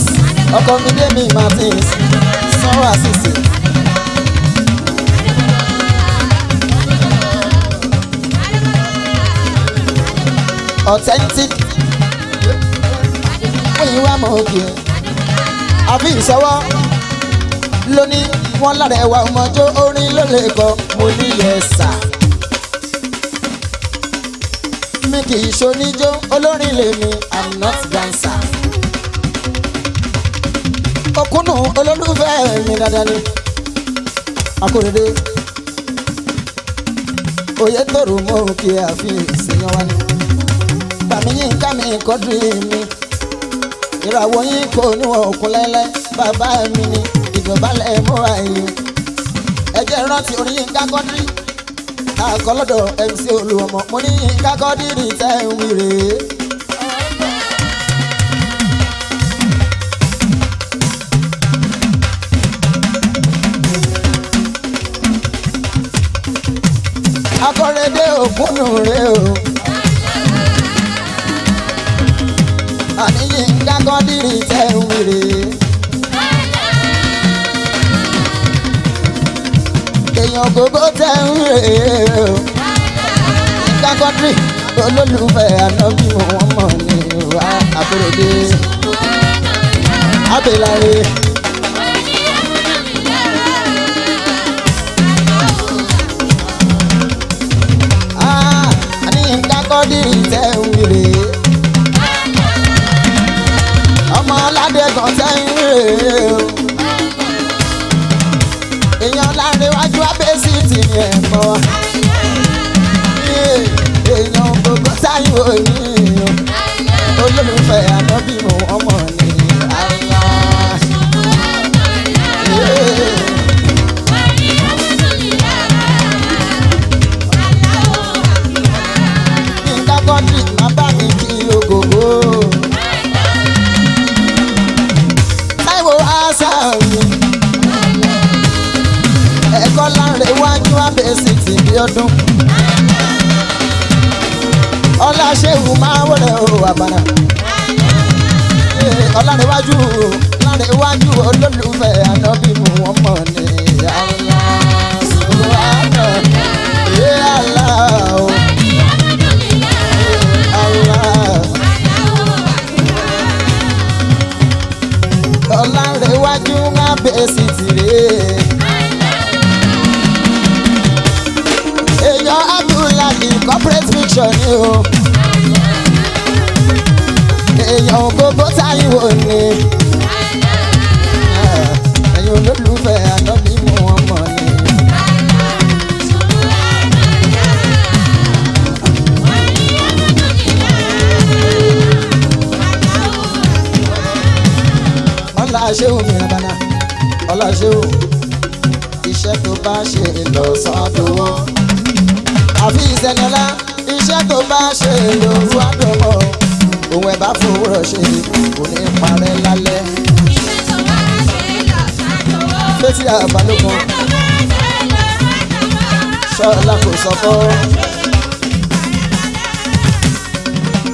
ọkọ mi Dèmí Martins sanwó àṣìṣe. authentic oyin wa mọ òkè àfi ìṣọwọ́ lóní wọn lára ẹwà ọmọjó orin ló kọ mo ní yẹ sáà. kì í ṣoníjó olórin lèmi i'm not dancer. okunu olólùfẹ́ mi dáadáa ni akóredé oyè tòrò mọ òkè àfin ìsìnyàn wa ni bàmí yín ká mi kọ́dù mi ìràwọ̀ yín kò níwọ̀n òkun lẹ́lẹ́ bàbá mi ni ìjọba lẹ́ẹ̀mú àyè ẹ̀jẹ̀ rántí orí ká kọ́dù akọlọ́dọ̀ MC Olúọmọ mo ní kákọ́ dìrì tẹ́ ń wí rèé. akọ́rẹ́dé òkúnnù rẹ o. àníyí ń dákọ́ dìrì tẹ́ ń wí èèyàn gbogbo tẹ̀ ń rè é o. nígbà kọ́ńtì olólùfẹ́ ànábì wọn mọ̀ ah, ní wá àbúròdé. abèlàre. àníyànká kọ́ńtì tẹ̀ ń ọmọ aládé kan tẹ̀ ń o èèyàn láríwájú abẹ́sí ti yẹn mọ́ èèyàn gbogbo táyọ̀ ní olólùfẹ́ ànábì mọ́ ọmọ ni. Abíọ́dún. Ọláṣẹ́wù máa wọlé o àbànà. Eh, Ọlárẹ̀wájú Ọlárẹ̀wájú olólùfẹ́ ànábì Muhammad ni àlá sùúrù. o. èèyàn gbogbo táyìwò ni. ẹ̀yin olólùfẹ́ ànábì mú wọn mọ̀ ni. ọlá ṣéwù mi abana ọlá ṣéwù iṣẹ́ tó bá ṣe lọ sọ́dọ̀ wọ́n àfi ìsẹ̀ni ọlá ṣe lóru àdọ́mọ́ òun ẹ̀ bá fowórọ̀ ṣe kò ní parẹ́ lálẹ́. ìfẹ́tọ̀ wá ṣe lọ sátọ̀wọ́. létí àbálòpọ̀. ìfẹ́tọ̀ wá ṣe lọ sátọ̀wọ́. sọ́ọ́lá kò sọ fọ́.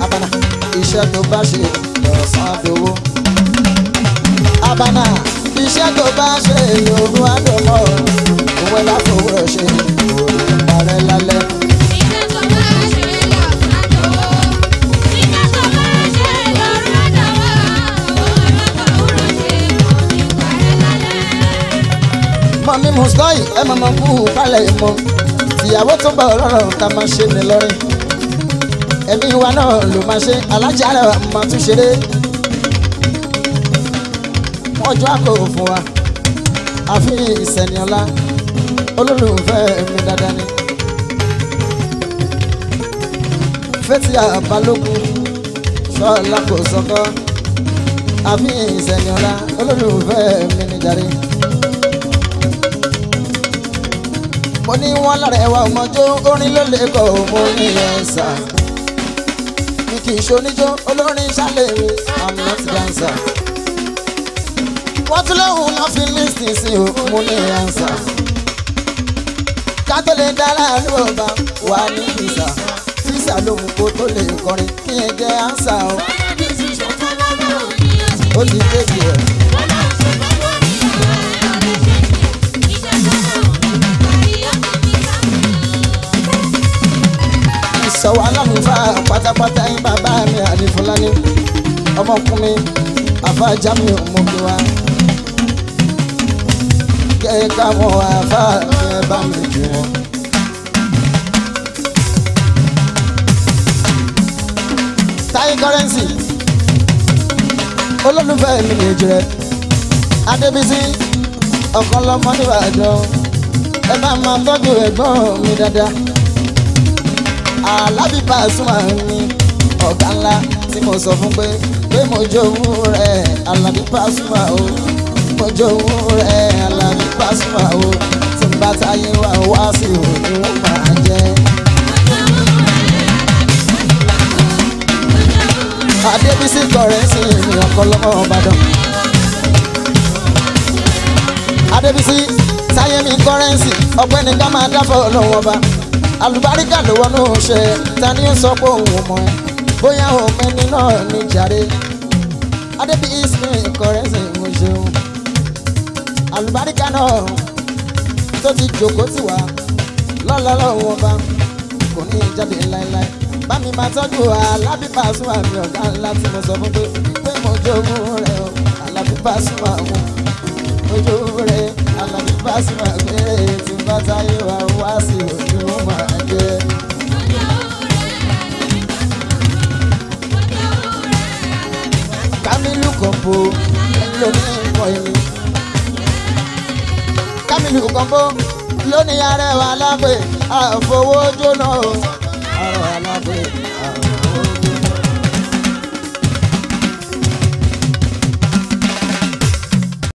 abana iṣẹ́ tó bá ṣe lọ́sàn-án dowó. abana iṣẹ́ tó bá ṣe lóru àdọ́mọ́ òun ẹ̀ bá fowórọ̀ ṣe kò ní parẹ́ lálẹ́. mi mùsùlùmí ẹ mọ̀ mọ̀ bú palẹ̀ mọ́ ìyàwó tó bọ̀ lọ́rọ̀ ká máa ṣe ní lọ́rẹ̀ ẹbí wa náà ló máa ṣe alájà rẹ̀ máa tún ṣeré wọ́n jọ fún wa àfi ìsẹ̀niọ́lá olólùfẹ́ mi dáadáa ni. fẹ́tì àbálòkun sọ́ọ̀lá kò sọ́kọ́ àfi ìsẹ̀niọ́lá olólùfẹ́ mi níjàre. mo ní wọn lára ẹwà ọmọjó orin ló lè kọ mo ní ẹ̀sà mi kì í ṣonijó olórin ṣàlẹ̀ i'm not dancer wọ́n tún lóhùn náà fi lísìn sí o mo ní ẹ̀sà ká tó lè dára lóba wà ní fìsà fìsà lóhùn kó tó lè kọrin kí n jẹ́ ànsà o. ó ti débi. pátápátá yín bàbá mi àdìfúnlání ọmọkùnrin àfáàjà mi ò mọ kí wá. kẹ́ ẹ káwọn àfáà mi ẹ bá mi jù wọn. táyé kọ́rẹ́nsì olólùfẹ́ mi nìjú rẹ̀ adébísí ọ̀kan lọ́mọ níbàdàn ẹ bá máa tọ́jú ẹ̀gbọ́n mi dáadáa alábìbá súnmọ́ mi ọ̀gá ńlá tí mo sọ fún pé pé mo jowú rẹ̀ Àlàbí Pasuma o mo jowú rẹ̀ Àlàbí Pasuma o tí n bá táyé wá wá sí òun ni wọ́n máa jẹ́. Adébísí Kọ̀rẹ́sì ni ọkọ lọ́mọ Adébísí Sáyẹ́mi Kọ̀rẹ́sì ọ̀gbẹ́ni ká máa dábọ̀ lọ́wọ́ bá. Àlùbáríkà ló ṣe ta ni ó sọ pé òun mọ̀ ẹ́ bóyá ọmọ ẹni náà ní jàre adébí ismail kọrẹsì mo ṣeun àlùbáríkà náà tó ti jókòó tì wá lọ́lọ́lọ́wọ́ bá kò ní jáde láéláé bá mi máa tọ́jú alábíbá súnmọ́ àmì ọ̀gá ńlá tí mo sọ fún pé pé mo jogún rẹ̀ o alábíbá súnmọ́ àwọn ojú rẹ̀ alábíbá súnmọ́ àgbẹ̀rẹ̀ tí bá táyé wa wá sí ojú máa jẹ́. Kompo lónìí nǹkan ẹni. Kámílù Kompo lónìí arẹwà lágbè àfọwọ́jọ́nà ọ̀rọ̀ alágbè.